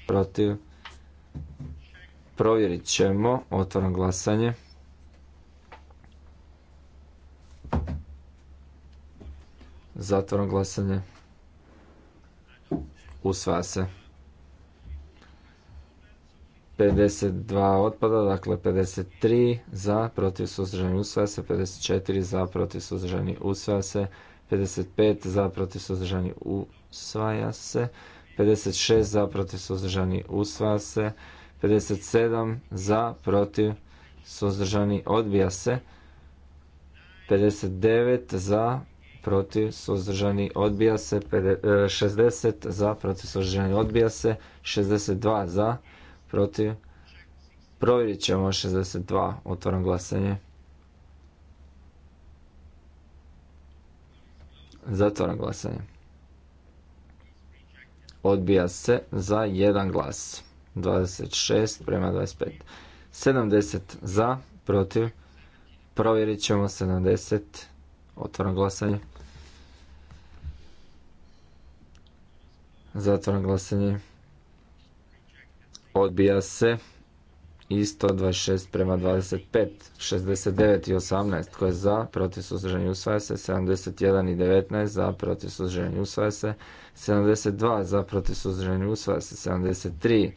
protiv, provjerit ćemo, Otvoram glasanje. Zatvoram glasanje. Usvaja se. 52 otpada, dakle 53 za, protiv suzdržani usvaja se, 54 za, protiv suzdržani usvaja se, 55 za, protiv suzdržani usvaja se, 56 za, protiv suzdržani usvaja se, 57 za, protiv suzdržani odbija se, 59 za, protiv suzdržani odbija se, 60 e, za, protiv suzdržani odbija se, 62 za, protiv. Provjerit ćemo 62, otvoram glasanje. Zatvoram glasanje. Odbija se za jedan glas. 26 prema 25. 70 za, protiv. Provjerit ćemo 70. Otvoram glasanje. Zatvoram glasanje odbija se isto 26 prema 25, 69 i 18 koje je za, protiv suzdržani usvaja se, 71 i 19 za, protiv suzdržani usvaja se, 72 za, protiv suzdržani usvaja se, 73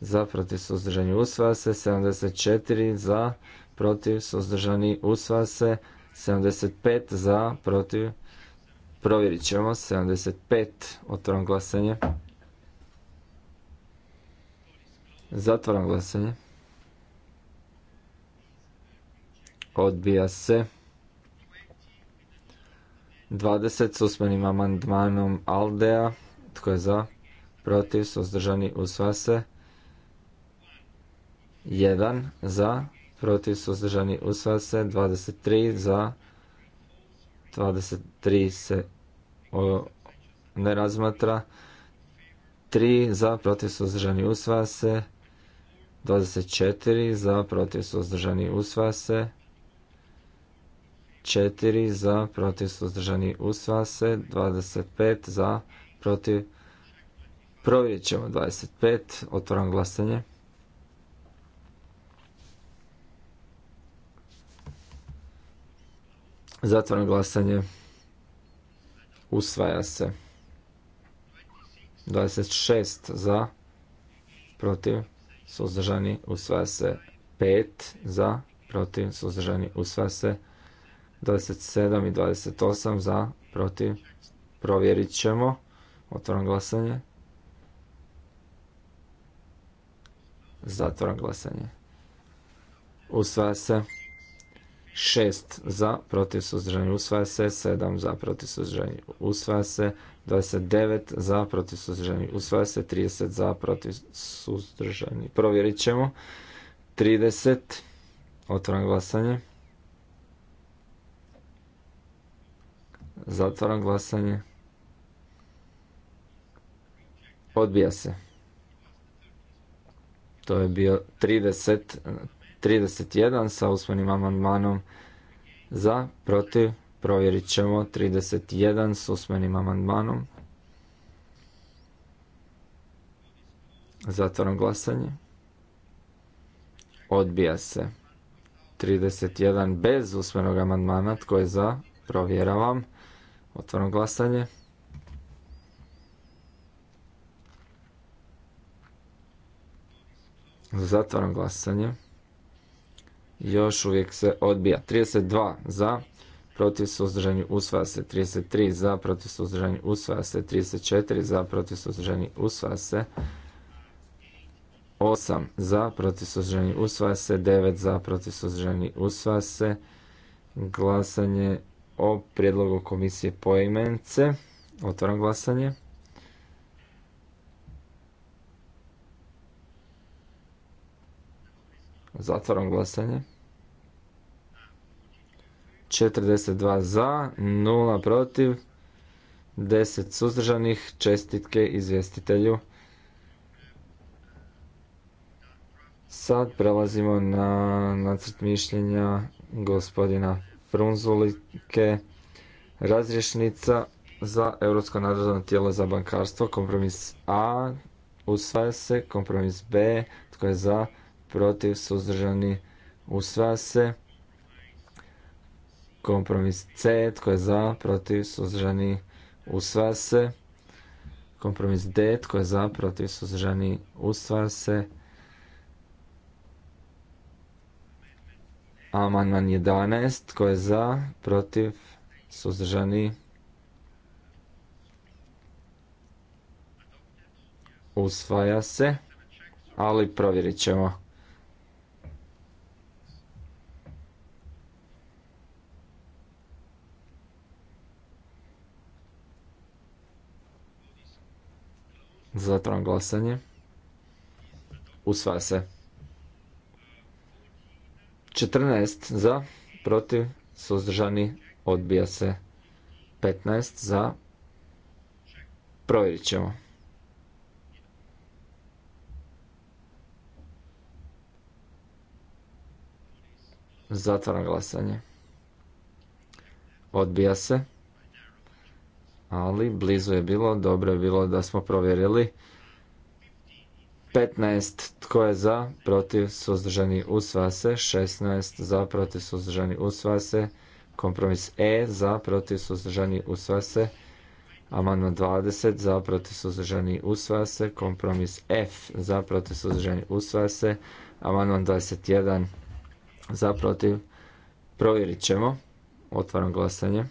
za, protiv usvase. usvaja se, 74 za, protiv suzdržani usvaja se, 75 za, protiv, provjerit ćemo, 75, otvorom glasanje. Zatvaram glasanje. Odbija se. 20 s usmenim amandmanom Aldea. Tko je za? Protiv, suzdržani, sva se. 1 za, protiv, suzdržani, sva se. 23 za, 23 se ne razmatra. 3 za, protiv, suzdržani, sva se. 24 za protiv uzdržani usvaja se. 4 za protiv suzdržani usvaja se. 25 za protiv. Provjerit ćemo 25. Otvaram glasanje. Zatvaram glasanje. Usvaja se. 26 za protiv suzdržani, usvaja se 5 za, protiv, suzdržani, usvaja se 27 i 28 za, protiv, provjerit ćemo, otvoram glasanje, zatvoram glasanje, usvaja se 6 za, protiv suzdržanje usvaja se, 7 za, protiv suzdržani usvaja se, 29 za, protiv suzdržani usvaja se, 30 za, protiv suzdržani. Provjerit ćemo. 30, otvoram glasanje. Zatvaram glasanje. Odbija se. To je bio 30, 31 sa usmenim amandmanom za, protiv, provjerit ćemo 31 sa usmenim amandmanom. Zatvaram glasanje. Odbija se. 31 bez usmenog amandmana. Tko je za? Provjeravam. Otvaram glasanje. Zatvaram glasanje još uvijek se odbija. 32 za, protiv suzdržani usvaja se 33 za, protiv suzdržani usvaja se 34 za, protiv suzdržani usvaja se 8 za, protiv suzdržani usvaja se 9 za, protiv suzdržani usvaja se glasanje o prijedlogu komisije poimence. Otvaram glasanje. Zatvaram glasanje. 42 za, 0 protiv, 10 suzdržanih, čestitke izvjestitelju. Sad prelazimo na nacrt mišljenja gospodina Frunzulike. Razrješnica za Europsko narodno tijelo za bankarstvo, kompromis A, usvaja se, kompromis B, tko je za, protiv, suzdržani, usvaja se. Kompromis C, tko je za, protiv, suzdržani, usvaja se. Kompromis D, tko je za, protiv, suzdržani, usvaja se. Amandman 11, tko je za, protiv, suzdržani, usvaja se, ali provjerit ćemo. Zatvaram glasanje. Usvaja se. 14 za, protiv, suzdržani, odbija se. 15 za, provjerit ćemo. Zatvaram glasanje. Odbija se ali blizu je bilo, dobro je bilo da smo provjerili. 15 tko je za, protiv, suzdržani, usva se. 16 za, protiv, suzdržani, usva se. Kompromis E za, protiv, suzdržani, usva se. Amandman 20 za, protiv, suzdržani, usva se. Kompromis F za, protiv, suzdržani, usva se. Amandman 21 za, protiv, provjerit ćemo. Otvaram glasanje.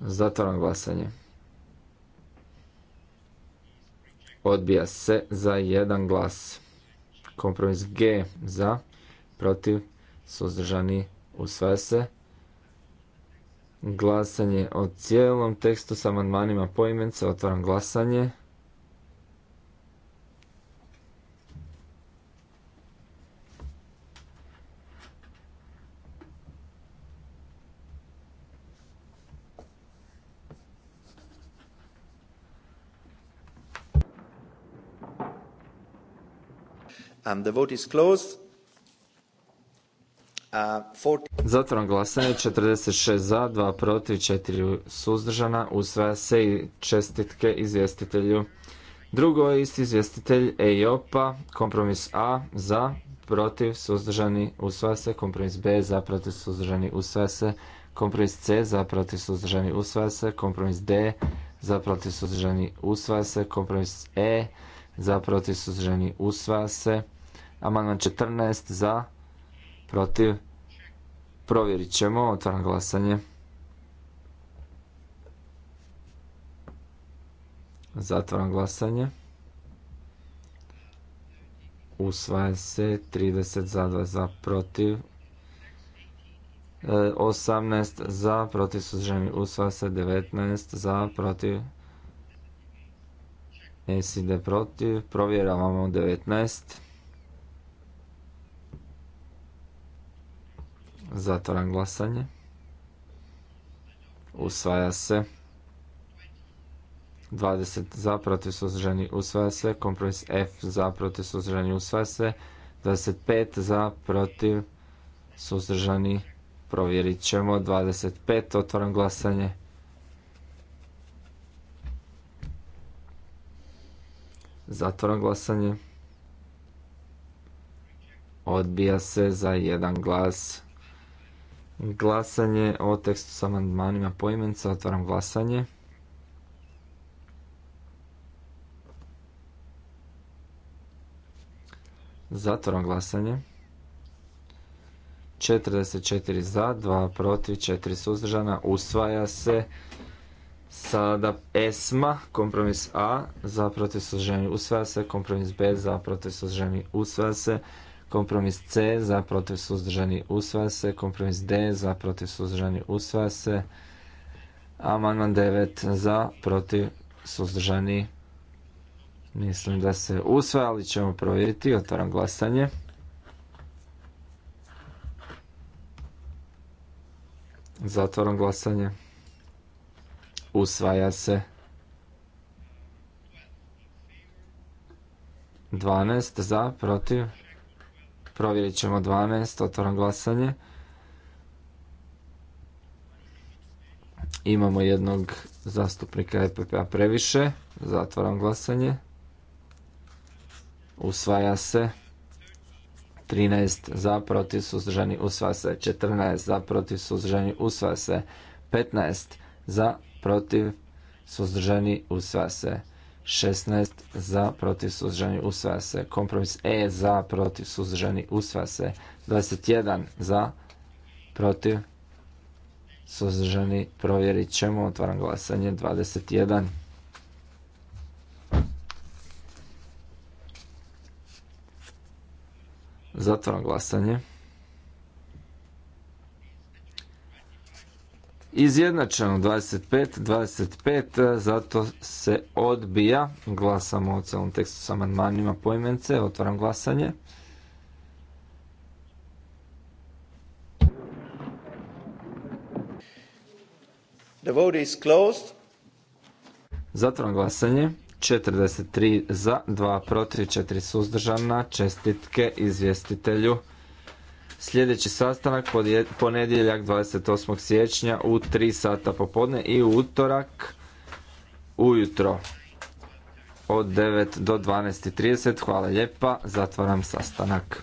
Zatvaram glasanje. Odbija se za jedan glas. Kompromis G za, protiv, suzdržani, usvaja se. Glasanje o cijelom tekstu sa amandmanima poimence. Otvaram glasanje. And um, the vote is closed. Uh, Zatvoram glasanje, 46 za, 2 protiv, 4 suzdržana, usvaja se i čestitke izvjestitelju. Drugo je isti izvjestitelj EIOPA, kompromis A za, protiv, suzdržani, usvaja se, kompromis B za, protiv, suzdržani, usvaja se, kompromis C za, protiv, suzdržani, usvaja se, kompromis D za, protiv, suzdržani, usvaja se, kompromis E za, protiv, suzdržani, usvaja se, Amandman 14 za, protiv, provjerit ćemo, otvaram glasanje. Zatvaram glasanje. Usvaja se 30 za 2 za protiv. 18 e, za protiv suzdržani usvaja se 19 za protiv. ne ide protiv. Provjeravamo 19. Zatvaram glasanje. Usvaja se. 20 za protiv suzdržani usvaja se. Kompromis F za protiv suzdržani usvaja se. 25 za protiv suzdržani provjerit ćemo. 25 otvaram glasanje. Zatvaram glasanje. Odbija se za jedan glas. Glasanje o tekstu sa amandmanima poimenca. Otvaram glasanje. Zatvaram glasanje. 44 za, 2 protiv, 4 suzdržana. Usvaja se sada ESMA, kompromis A, za protiv suzdržani. Usvaja se kompromis B, za protiv suzdržani. Usvaja se Kompromis C za protiv suzdržani usvaja se. Kompromis D za protiv suzdržani usvaja se. Amandman 9 za protiv suzdržani mislim da se usvaja, ali ćemo provjeriti. Otvaram glasanje. Zatvaram glasanje. Usvaja se. 12 za, protiv, Provjerit ćemo 12, otvoram glasanje. Imamo jednog zastupnika EPP-a previše, zatvoram glasanje. Usvaja se. 13 za protiv suzdržani usvaja se, 14 za protiv suzdržani usvaja se, 15 za protiv suzdržani usvaja se. 16 za protiv suzdržani usvaja se. Kompromis E za protiv suzdržani usvaja se. 21 za protiv suzdržani provjerit ćemo. Otvaram glasanje 21. Zatvaram glasanje. izjednačeno 25 25 zato se odbija glasamo o celom tekstu sa amandmanima poimence otvaram glasanje The vote is closed. Zatvoram glasanje. 43 za, 2 protiv, 4 suzdržana. Čestitke izvjestitelju. Sljedeći sastanak ponedjeljak 28. siječnja u 3 sata popodne i utorak ujutro od 9 do 12.30. Hvala lijepa, zatvaram sastanak.